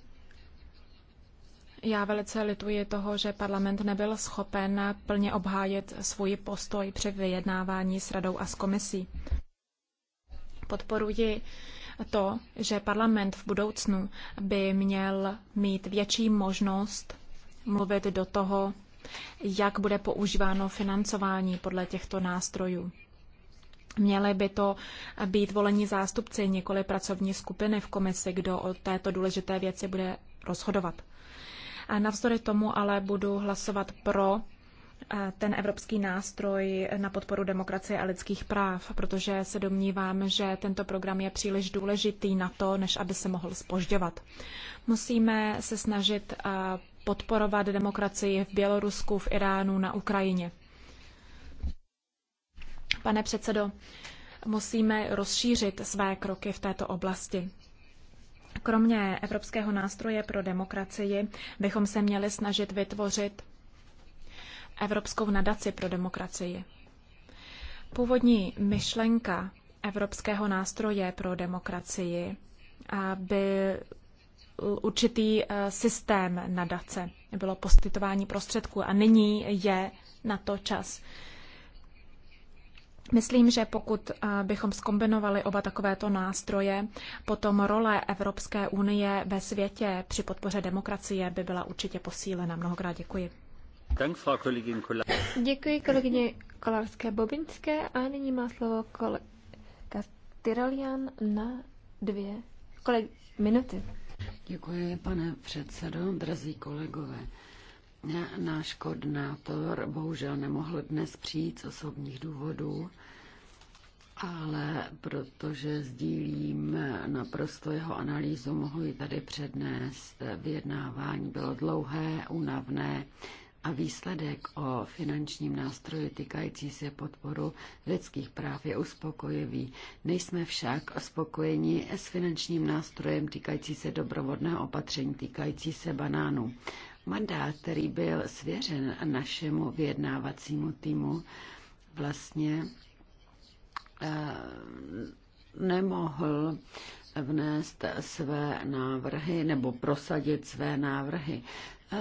Já velice lituji toho, že parlament nebyl schopen plně obhájit svůj postoj při vyjednávání s radou a s komisí. Podporuji to, že parlament v budoucnu by měl mít větší možnost mluvit do toho, jak bude používáno financování podle těchto nástrojů. Měly by to být volení zástupci, několik pracovní skupiny v komisi, kdo o této důležité věci bude rozhodovat. A navzdory tomu ale budu hlasovat pro eh, ten evropský nástroj na podporu demokracie a lidských práv, protože se domnívám, že tento program je příliš důležitý na to, než aby se mohl spožďovat. Musíme se snažit eh, podporovat demokracii v Bělorusku, v Iránu, na Ukrajině. Pane předsedo, musíme rozšířit své kroky v této oblasti. Kromě Evropského nástroje pro demokracii bychom se měli snažit vytvořit Evropskou nadaci pro demokracii. Původní myšlenka Evropského nástroje pro demokracii by určitý eh, systém nadace, bylo poskytování prostředků a nyní je na to čas. Myslím, že pokud eh, bychom skombinovali oba takovéto nástroje, potom role Evropské unie ve světě při podpoře demokracie by byla určitě posílena. Mnohokrát děkuji. Děkuji kolegyně Kolarské Bobinské a nyní má slovo kolega Tyrolian na dvě kolik minuty. Děkuji, pane předsedo, drazí kolegové. Náš koordinátor bohužel nemohl dnes přijít z osobních důvodů, ale protože sdílím naprosto jeho analýzu, mohu ji tady přednést. Vyjednávání bylo dlouhé, únavné, a výsledek o finančním nástroji týkající se podporu lidských práv je uspokojivý. Nejsme však spokojeni s finančním nástrojem týkající se dobrovodného opatření týkající se banánů. Mandát, který byl svěřen našemu vyjednávacímu týmu, vlastně eh, nemohl vnést své návrhy nebo prosadit své návrhy.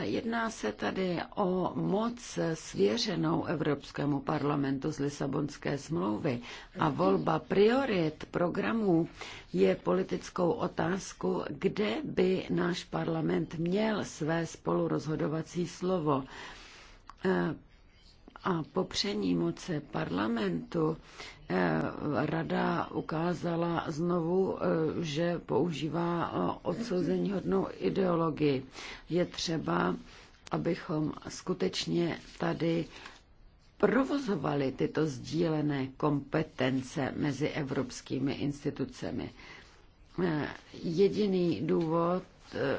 Jedná se tady o moc svěřenou Evropskému parlamentu z Lisabonské smlouvy a volba priorit programů je politickou otázku, kde by náš parlament měl své spolurozhodovací slovo a popření moce parlamentu eh, rada ukázala znovu, eh, že používá eh, odsouzení hodnou ideologii. Je třeba, abychom skutečně tady provozovali tyto sdílené kompetence mezi evropskými institucemi. Jediný důvod,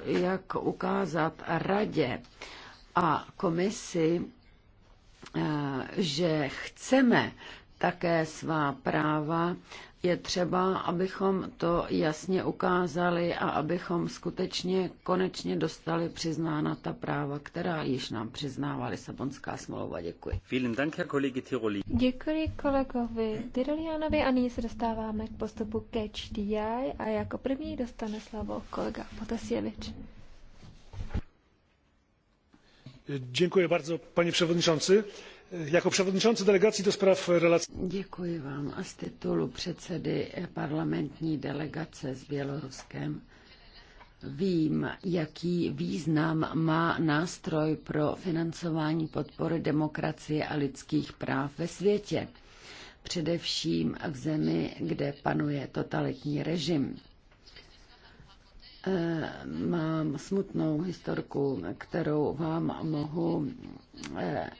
jak ukázat radě a komisi, Eh, že chceme také svá práva, je třeba, abychom to jasně ukázali a abychom skutečně konečně dostali přiznána ta práva, která již nám přiznává Lisabonská smlouva. Děkuji. Děkuji kolegovi Tyrolianovi a nyní se dostáváme k postupu Catch DI a jako první dostane slovo kolega Potasjevič. Dziękuję bardzo, panie przewodniczący. Jako przewodniczący delegacji do spraw relacji... Děkuji vám a z titulu předsedy parlamentní delegace s Běloruskem vím, jaký význam má nástroj pro financování podpory demokracie a lidských práv ve světě, především v zemi, kde panuje totalitní režim. Eh, mám smutnou historku, kterou vám mohu eh,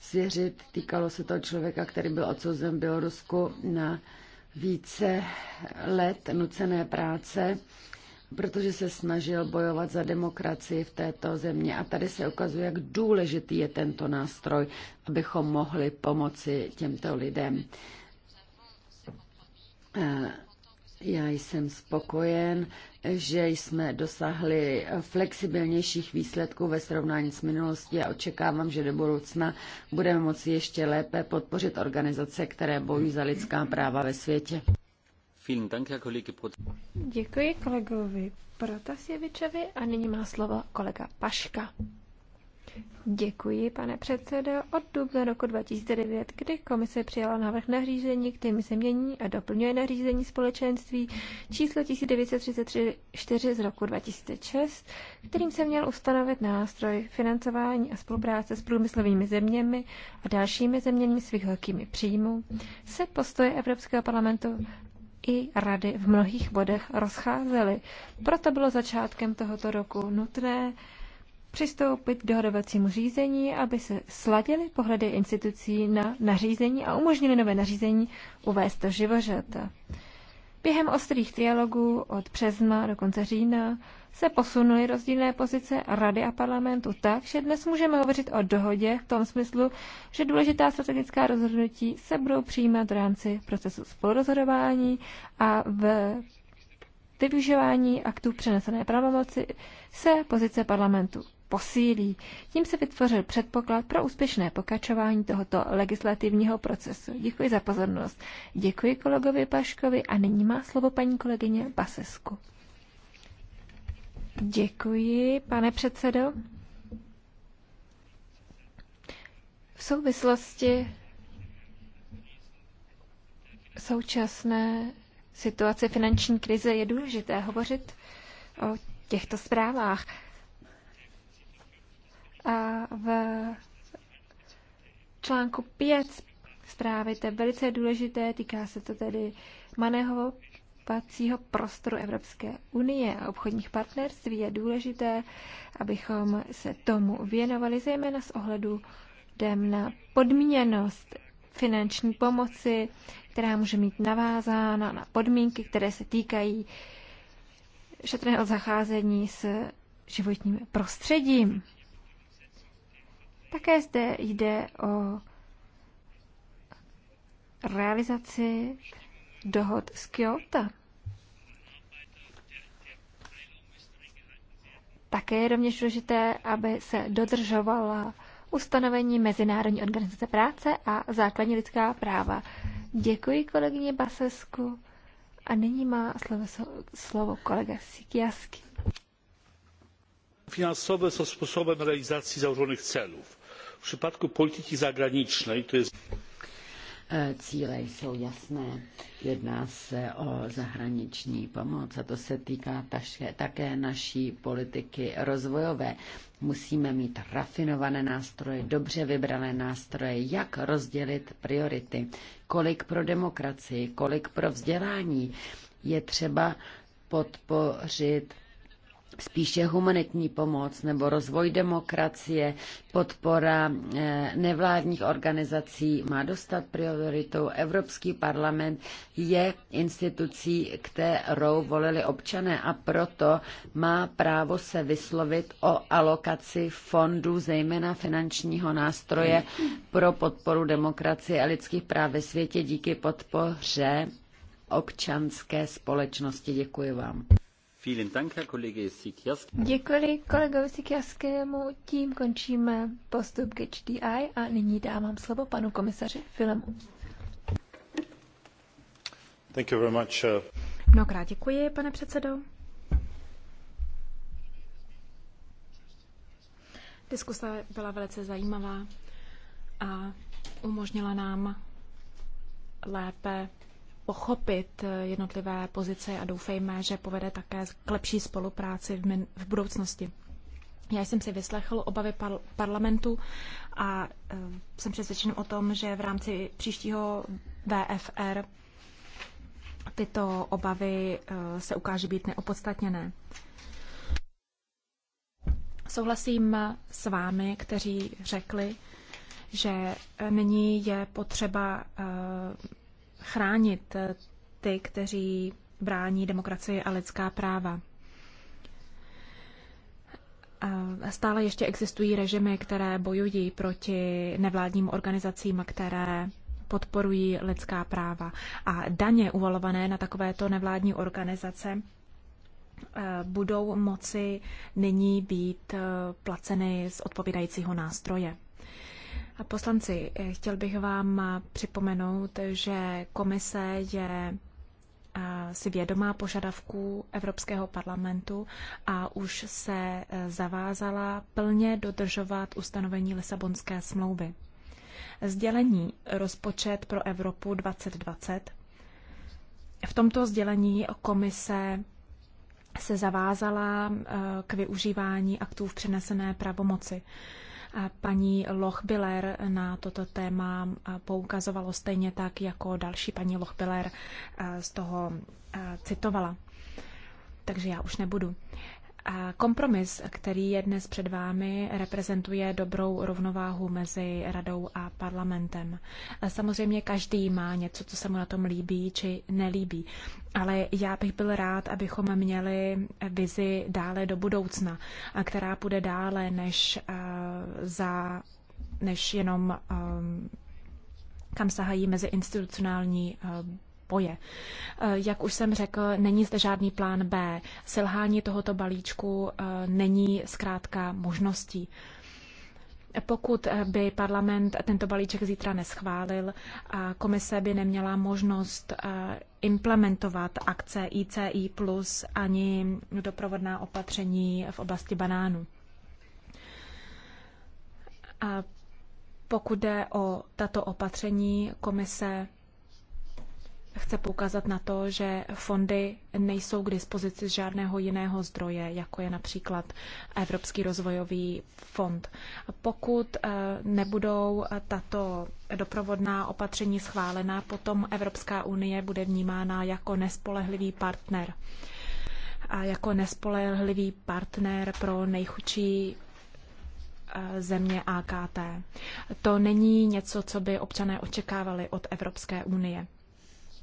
svěřit. Týkalo se toho člověka, který byl odsouzen v Bělorusku na více let nucené práce, protože se snažil bojovat za demokracii v této země. A tady se ukazuje, jak důležitý je tento nástroj, abychom mohli pomoci těmto lidem. Eh, já jsem spokojen, že jsme dosáhli flexibilnějších výsledků ve srovnání s minulostí a očekávám, že do budoucna budeme moci ještě lépe podpořit organizace, které bojují za lidská práva ve světě. Děkuji kolegovi Protasjevičovi a nyní má slovo kolega Paška. Děkuji, pane předsedo. Od dubna roku 2009, kdy komise přijala návrh nařízení, kterým se mění a doplňuje nařízení společenství číslo 1934 z roku 2006, kterým se měl ustanovit nástroj financování a spolupráce s průmyslovými zeměmi a dalšími zeměmi s velkými příjmů, se postoje Evropského parlamentu i rady v mnohých bodech rozcházely. Proto bylo začátkem tohoto roku nutné přistoupit k dohodovacímu řízení, aby se sladily pohledy institucí na nařízení a umožnili nové nařízení uvést do živořata. Během ostrých trialogů od března do konce října se posunuly rozdílné pozice Rady a parlamentu tak, že dnes můžeme hovořit o dohodě v tom smyslu, že důležitá strategická rozhodnutí se budou přijímat v rámci procesu spolurozhodování a v využívání aktů přenesené pravomoci se pozice parlamentu posílí. Tím se vytvořil předpoklad pro úspěšné pokračování tohoto legislativního procesu. Děkuji za pozornost. Děkuji kolegovi Paškovi a nyní má slovo paní kolegyně Basesku. Děkuji, pane předsedo. V souvislosti současné situace finanční krize je důležité hovořit o těchto zprávách. A v článku 5 zprávy, to je velice důležité, týká se to tedy manéhovacího prostoru Evropské unie a obchodních partnerství. Je důležité, abychom se tomu věnovali, zejména s ohledu na podmíněnost finanční pomoci, která může mít navázána na podmínky, které se týkají šetrného zacházení s životním prostředím. Také zde jde o realizaci dohod z Kyoto. Také je rovněž důležité, aby se dodržovala ustanovení Mezinárodní organizace práce a základní lidská práva. Děkuji kolegyně Basesku a nyní má slovo, slovo kolega Sikiasky. Finansové jsou způsobem realizací założonych celů w przypadku polityki zagranicznej to jest e, Cíle jsou jasné. Jedná se o zahraniční pomoc a to se týká taške, také naší politiky rozvojové. Musíme mít rafinované nástroje, dobře vybrané nástroje, jak rozdělit priority, kolik pro demokracii, kolik pro vzdělání. Je třeba podpořit spíše humanitní pomoc nebo rozvoj demokracie, podpora eh, nevládních organizací má dostat prioritou. Evropský parlament je institucí, kterou volili občané a proto má právo se vyslovit o alokaci fondů, zejména finančního nástroje pro podporu demokracie a lidských práv ve světě díky podpoře občanské společnosti. Děkuji vám. Děkuji kolegovi Sikjaskému, tím končíme postup k HDI a nyní dávám slovo panu komisaři Filemu. Thank you very much. Uh, Mnohokrát děkuji, pane předsedo. Diskuse byla velice zajímavá a umožnila nám lépe pochopit eh, jednotlivé pozice a doufejme, že povede také k lepší spolupráci v, min- v budoucnosti. Já jsem si vyslechl obavy par- parlamentu a e, jsem přesvědčen o tom, že v rámci příštího VFR tyto obavy e, se ukáže být neopodstatněné. Souhlasím s vámi, kteří řekli, že nyní je potřeba e, chránit eh, ty, kteří brání demokracii a lidská práva. Stále ještě existují režimy, které bojují proti nevládním organizacím, které podporují lidská práva. A daně uvalované na takovéto nevládní organizace eh, budou moci nyní být eh, placeny z odpovídajícího nástroje. A poslanci, eh, chtěl bych vám eh, připomenout, že komise je eh, si vědomá požadavků Evropského parlamentu a už se zavázala plně dodržovat ustanovení Lisabonské smlouvy. Sdělení rozpočet pro Evropu 2020. V tomto sdělení komise se zavázala k využívání aktů v přenesené pravomoci. Paní Lochbiller na toto téma poukazovalo stejně tak, jako další paní Lochbiller z toho citovala. Takže já už nebudu. Kompromis, který je dnes před vámi, reprezentuje dobrou rovnováhu mezi radou a parlamentem. Samozřejmě každý má něco, co se mu na tom líbí či nelíbí, ale já bych byl rád, abychom měli vizi dále do budoucna, která půjde dále než, za, než jenom kam sahají mezi institucionální boje. Eh, jak už jsem řekl, není zde žádný plán B. Selhání tohoto balíčku eh, není zkrátka možností. Pokud eh, by parlament tento balíček zítra neschválil, komise by neměla možnost implementovat akce ICI plus ani doprovodná opatření v oblasti banánů. A pokud jde o tato opatření, komise chce poukázat na to, že fondy nejsou k dispozici z žádného jiného zdroje, jako je například Evropský rozvojový fond. Pokud eh, nebudou tato doprovodná opatření schválená, potom Evropská unie bude vnímána jako nespolehlivý partner a jako nespolehlivý partner pro nejchudší eh, země AKT. To není něco, co by občané očekávali od Evropské unie.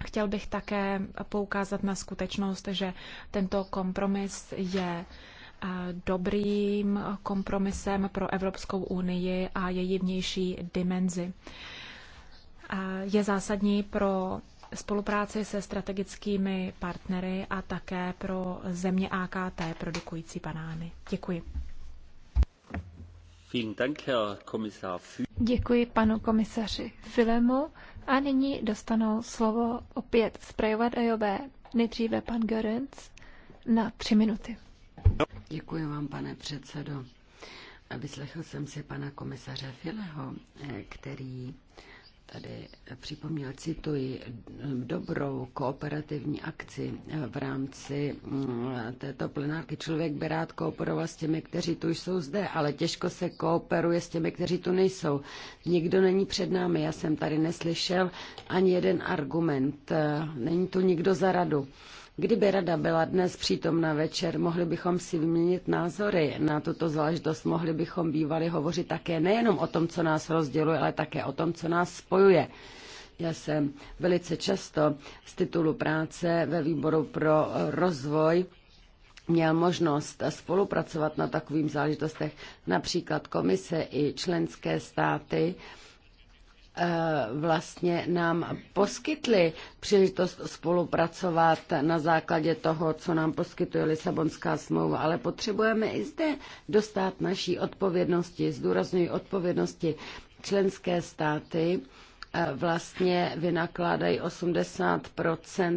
Chtěl bych také poukázat na skutečnost, že tento kompromis je eh, dobrým kompromisem pro Evropskou unii a její vnější dimenzi. Eh, je zásadní pro spolupráci se strategickými partnery a také pro země AKT produkující banány. Děkuji. Děkuji panu komisaři Filemu. A nyní dostanou slovo opět sprejovat ajové. Nejdříve pan Görenc na tři minuty. Děkuji vám, pane předsedo. Vyslechl jsem si pana komisaře Fileho, eh, který tady připomněl, cituji, dobrou kooperativní akci v rámci mm, této plenárky. Člověk by rád kooperoval s těmi, kteří tu jsou zde, ale těžko se kooperuje s těmi, kteří tu nejsou. Nikdo není před námi, já jsem tady neslyšel ani jeden argument, není tu nikdo za radu. Kdyby rada byla dnes přítomna večer, mohli bychom si vyměnit názory na tuto záležitost, mohli bychom bývali hovořit také nejenom o tom, co nás rozděluje, ale také o tom, co nás spojuje. Já jsem velice často z titulu práce ve výboru pro rozvoj měl možnost spolupracovat na takovým záležitostech. Například komise i členské státy Eh, vlastně nám poskytli příležitost spolupracovat na základě toho, co nám poskytuje Lisabonská smlouva, ale potřebujeme i zde dostat naší odpovědnosti, zdůraznuju odpovědnosti členské státy, E, vlastně vynakládají 80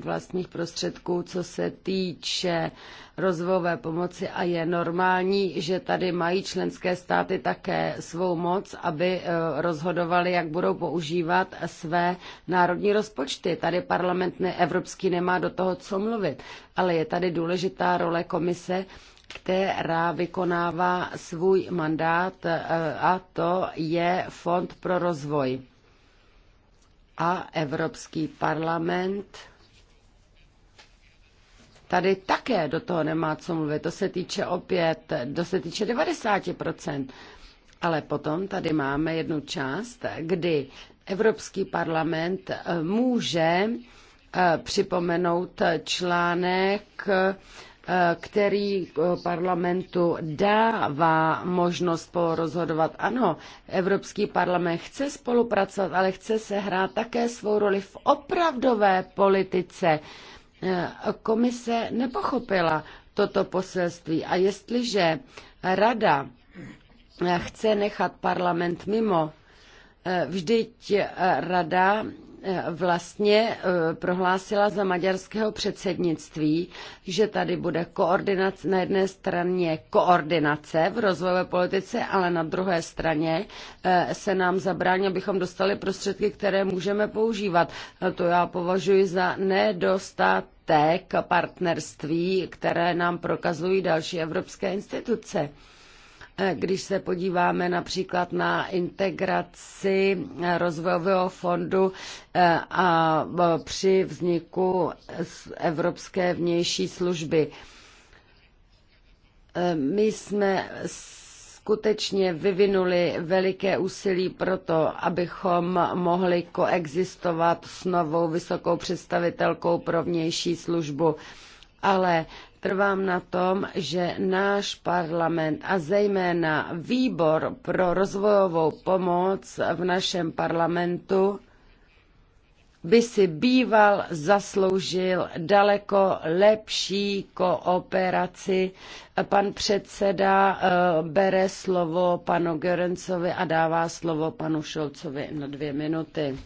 vlastních prostředků, co se týče rozvojové pomoci a je normální, že tady mají členské státy také svou moc, aby e, rozhodovali, jak budou používat své národní rozpočty. Tady parlament ne, evropský nemá do toho co mluvit, ale je tady důležitá role komise, která vykonává svůj mandát e, a to je Fond pro rozvoj a Evropský parlament tady také do toho nemá co mluvit. To se týče opět, to se týče 90%. Ale potom tady máme jednu část, kdy Evropský parlament eh, může eh, připomenout článek který eh, parlamentu dává možnost spolurozhodovat. Ano, Evropský parlament chce spolupracovat, ale chce se hrát také svou roli v opravdové politice. Eh, komise nepochopila toto poselství a jestliže rada eh, chce nechat parlament mimo, vždyť rada vlastně eh, prohlásila za maďarského předsednictví, že tady bude koordinace, na jedné straně koordinace v rozvojové politice, ale na druhé straně eh, se nám zabrání, abychom dostali prostředky, které můžeme používat. To já považuji za nedostatek partnerství, které nám prokazují další evropské instituce. Když se podíváme například na integraci rozvojového fondu eh, a eh, při vzniku Evropské vnější služby, eh, my jsme skutečně vyvinuli veliké úsilí pro to, abychom mohli koexistovat s novou vysokou představitelkou pro vnější službu. Ale Trvám na tom, že náš parlament a zejména výbor pro rozvojovou pomoc v našem parlamentu by si býval zasloužil daleko lepší kooperaci. Pan předseda eh, bere slovo panu Görencovi a dává slovo panu Šolcovi na dvě minuty.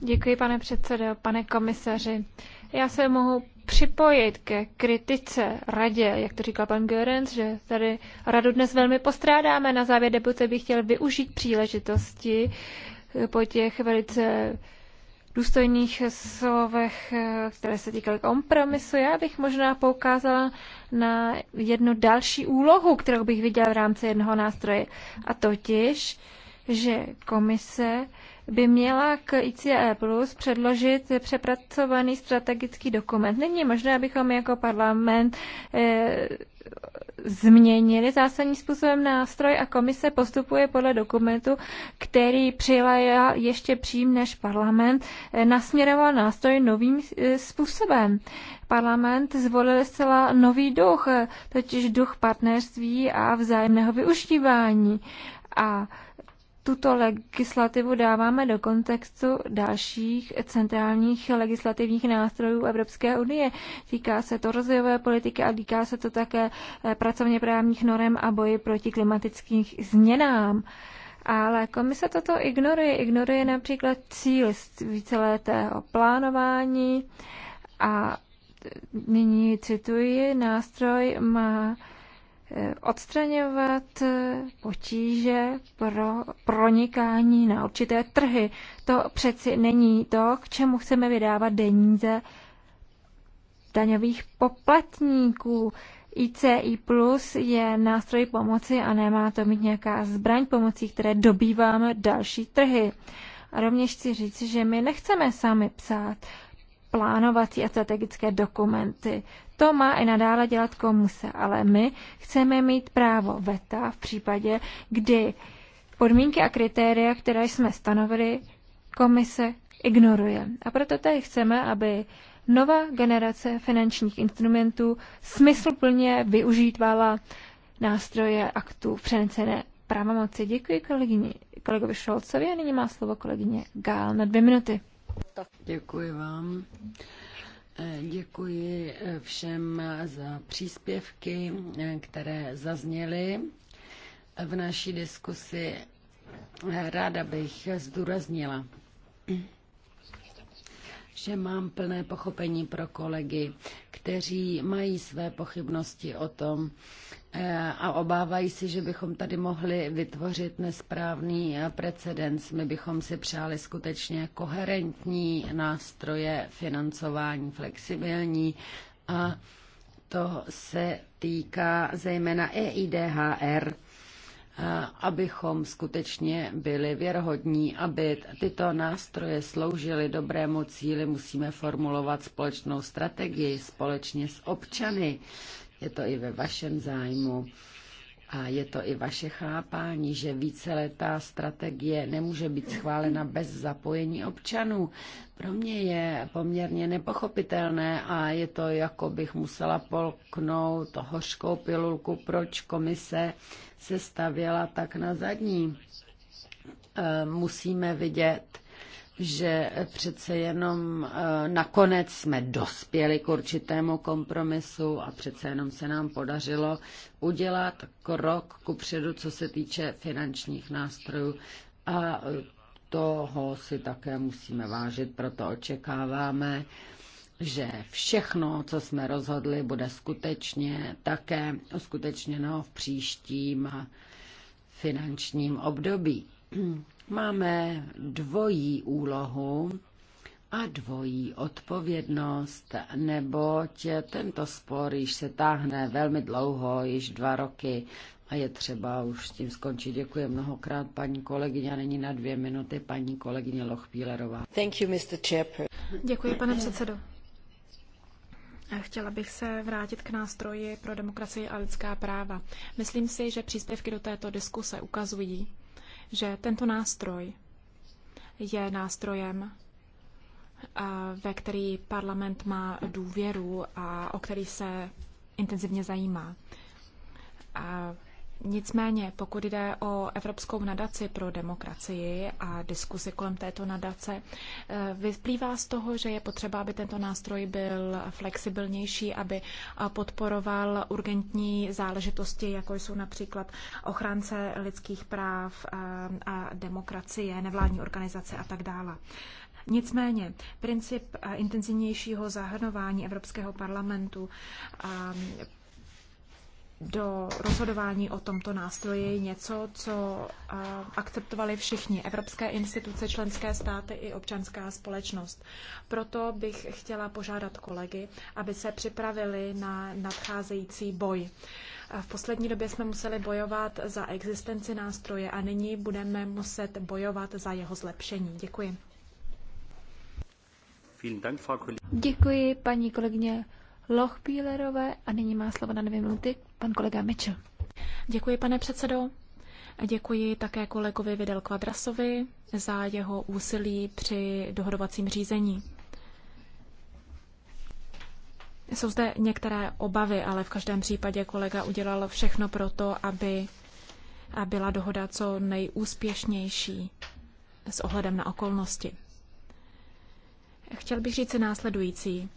Děkuji, pane předsedo, pane komisaři. Já se mohu připojit ke kritice radě, jak to říkal pan Görens, že tady radu dnes velmi postrádáme. Na závěr debaty bych chtěl využít příležitosti eh, po těch velice důstojných slovech, eh, které se týkaly kompromisu, já bych možná poukázala na jednu další úlohu, kterou bych viděla v rámci jednoho nástroje, a totiž, že komise by měla k ICE Plus předložit přepracovaný strategický dokument. Není možné, abychom jako parlament e, změnili zásadním způsobem nástroj a komise postupuje podle dokumentu, který přijela ještě přím než parlament, eh, nasměroval nástroj novým eh, způsobem. Parlament zvolil zcela nový duch, totiž duch partnerství a vzájemného využívání. A tuto legislativu dáváme do kontextu dalších centrálních legislativních nástrojů Evropské unie. Týká se to rozvojové politiky a týká se to také eh, pracovně právních norem a boji proti klimatickým změnám. Ale komise toto ignoruje. Ignoruje například cíl víceletého plánování a nyní cituji, nástroj má Eh, odstraňovat eh, potíže pro pronikání na určité trhy. To přeci není to, k čemu chceme vydávat deníze daňových poplatníků. ICI Plus je nástroj pomoci a nemá to mít nějaká zbraň pomocí, které dobýváme další trhy. A rovněž chci říct, že my nechceme sami psát plánovací a strategické dokumenty. To má i nadále dělat komuse, ale my chceme mít právo veta v případě, kdy podmínky a kritéria, které jsme stanovili, komise ignoruje. A proto tady chceme, aby nová generace finančních instrumentů smysluplně využívala nástroje aktů přenesené pravomoci. Děkuji kolegyni, kolegovi Šolcovi a nyní má slovo kolegyně Gál na dvě minuty. Děkuji vám. Eh, děkuji eh, všem za příspěvky, eh, které zazněly v naší diskusi. Ráda bych zdůraznila, že mám plné pochopení pro kolegy, kteří mají své pochybnosti o tom eh, a obávají si, že bychom tady mohli vytvořit nesprávný eh, precedens. My bychom si přáli skutečně koherentní nástroje financování, flexibilní a to se týká zejména EIDHR, Eh, abychom skutečně byli věrohodní, aby tyto nástroje sloužily dobrému cíli, musíme formulovat společnou strategii společně s občany. Je to i ve vašem zájmu. A je to i vaše chápání, že víceletá strategie nemůže být schválena bez zapojení občanů. Pro mě je poměrně nepochopitelné a je to, jako bych musela polknout hořkou pilulku, proč komise se stavěla tak na zadní. Eh, musíme vidět, že přece jenom eh, nakonec jsme dospěli k určitému kompromisu a přece jenom se nám podařilo udělat krok ku předu, co se týče finančních nástrojů a toho si také musíme vážit, proto očekáváme, že všechno, co jsme rozhodli, bude skutečně také uskutečněno v příštím finančním období. Máme dvojí úlohu a dvojí odpovědnost, neboť tento spor již se táhne velmi dlouho, již dva roky a je třeba už s tím skončit. Děkuji mnohokrát paní kolegyně a není na dvě minuty paní kolegyně Lochpílerová. Thank you, Mr. Chairper. Děkuji, pane předsedo. Chtěla bych se vrátit k nástroji pro demokracii a lidská práva. Myslím si, že příspěvky do této diskuse ukazují, že tento nástroj je nástrojem, ve který parlament má důvěru a o který se intenzivně zajímá. A Nicméně, pokud jde o Evropskou nadaci pro demokracii a diskusi kolem této nadace, eh, vyplývá z toho, že je potřeba, aby tento nástroj byl flexibilnější, aby podporoval urgentní záležitosti, jako jsou například ochránce lidských práv eh, a demokracie, nevládní organizace a tak dále. Nicméně princip eh, intenzivnějšího zahrnování Evropského parlamentu do rozhodování o tomto nástroji něco, co eh, akceptovali všichni evropské instituce, členské státy i občanská společnost. Proto bych chtěla požádat kolegy, aby se připravili na nadcházející boj. Eh, v poslední době jsme museli bojovat za existenci nástroje a nyní budeme muset bojovat za jeho zlepšení. Děkuji. Děkuji paní kolegyně Lochbílerové a nyní má slovo na dvě minuty Pan kolega Mitchell. Děkuji, pane předsedo. Děkuji také kolegovi Vidal Kvadrasovi za jeho úsilí při dohodovacím řízení. Jsou zde některé obavy, ale v každém případě kolega udělal všechno pro to, aby byla dohoda co nejúspěšnější s ohledem na okolnosti. Chtěl bych říct si následující.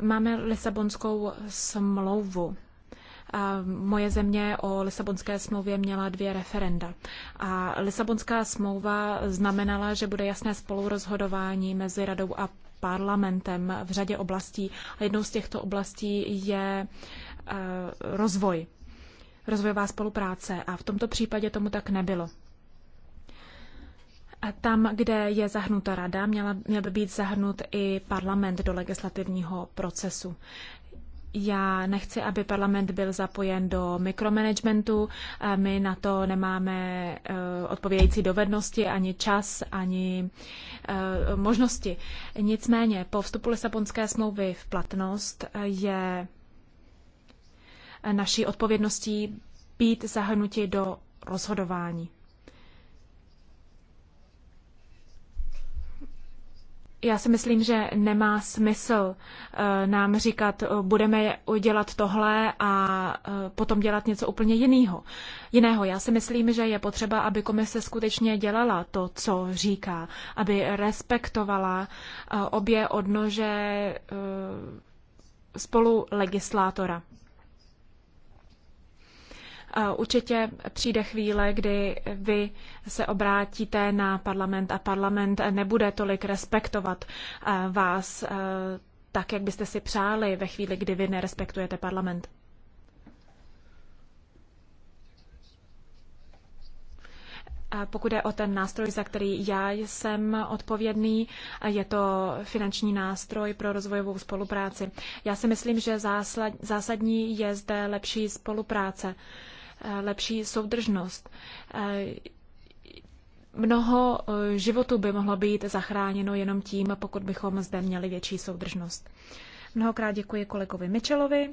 Máme Lisabonskou smlouvu moje země o Lisabonské smlouvě měla dvě referenda. A Lisabonská smlouva znamenala, že bude jasné spolurozhodování mezi radou a parlamentem v řadě oblastí. A jednou z těchto oblastí je eh, rozvoj, rozvojová spolupráce. A v tomto případě tomu tak nebylo. A tam, kde je zahrnuta rada, měla, měl by být zahrnut i parlament do legislativního procesu. Já nechci, aby parlament byl zapojen do mikromanagementu. Eh, my na to nemáme eh, odpovědející dovednosti, ani čas, ani eh, možnosti. Nicméně po vstupu Lisabonské smlouvy v platnost je naší odpovědností být zahrnuti do rozhodování. Já si myslím, že nemá smysl eh, nám říkat, eh, budeme dělat tohle a eh, potom dělat něco úplně jiného. jiného. Já si myslím, že je potřeba, aby komise skutečně dělala to, co říká, aby respektovala obě odnože spolu legislátora. Určitě přijde chvíle, kdy vy se obrátíte na parlament a parlament nebude tolik respektovat eh, vás eh, tak, jak byste si přáli ve chvíli, kdy vy nerespektujete parlament. Pokud je o ten nástroj, za který já jsem odpovědný, je to finanční nástroj pro rozvojovou spolupráci. Já si myslím, že zásadní je zde lepší spolupráce. Eh, lepší soudržnost. Eh, mnoho eh, životů by mohlo být zachráněno jenom tím, pokud bychom zde měli větší soudržnost. Mnohokrát děkuji kolegovi Mitchellovi.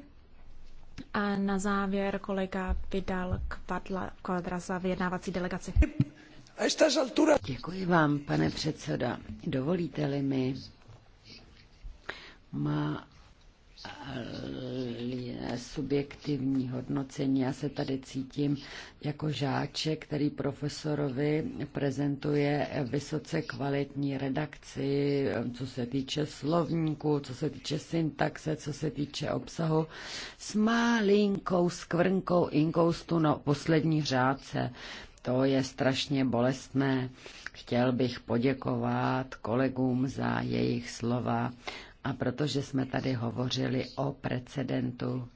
A na závěr kolega vydal kvadla, kvadra za vyjednávací delegaci. Děkuji vám, pane předseda. Dovolíte-li mi, má Eh, subjektivní hodnocení. Já se tady cítím jako žáček, který profesorovi prezentuje vysoce kvalitní redakci, eh, co se týče slovníku, co se týče syntaxe, co se týče obsahu, s malinkou skvrnkou inkoustu na no, poslední řádce. To je strašně bolestné. Chtěl bych poděkovat kolegům za jejich slova a protože jsme tady hovořili o precedentu,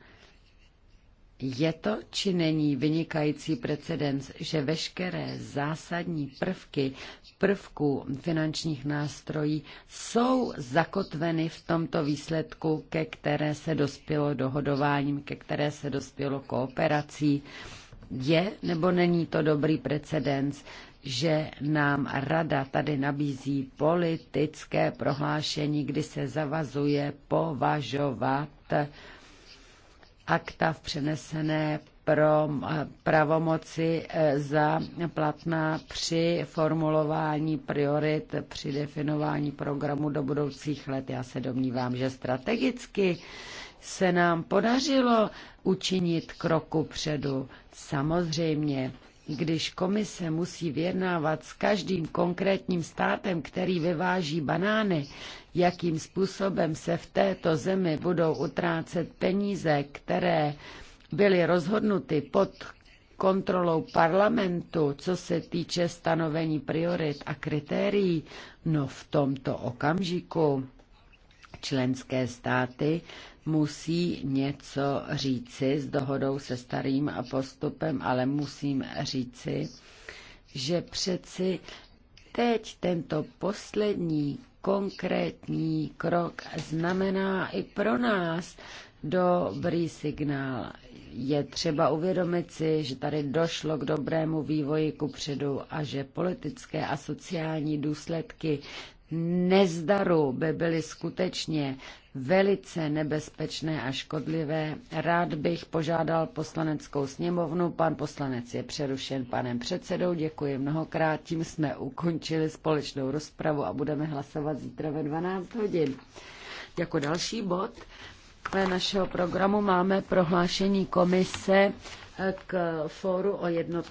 je to či není vynikající precedens, že veškeré zásadní prvky prvků finančních nástrojí jsou zakotveny v tomto výsledku, ke které se dospělo dohodováním, ke které se dospělo kooperací? Je nebo není to dobrý precedens? že nám rada tady nabízí politické prohlášení, kdy se zavazuje považovat akta v přenesené pro pravomoci eh, za platná při formulování priorit, při definování programu do budoucích let. Já se domnívám, že strategicky se nám podařilo učinit kroku předu. Samozřejmě když komise musí vyjednávat s každým konkrétním státem, který vyváží banány, jakým způsobem se v této zemi budou utrácet peníze, které byly rozhodnuty pod kontrolou parlamentu, co se týče stanovení priorit a kritérií, no v tomto okamžiku členské státy musí něco říci s dohodou se starým postupem, ale musím říci, že přeci teď tento poslední konkrétní krok znamená i pro nás dobrý signál. Je třeba uvědomit si, že tady došlo k dobrému vývoji ku předu a že politické a sociální důsledky Nezdaru by byly skutečně velice nebezpečné a škodlivé. Rád bych požádal poslaneckou sněmovnu. Pan poslanec je přerušen panem předsedou. Děkuji mnohokrát. Tím jsme ukončili společnou rozpravu a budeme hlasovat zítra ve 12 hodin. Jako další bod našeho programu máme prohlášení komise k fóru o jednotě.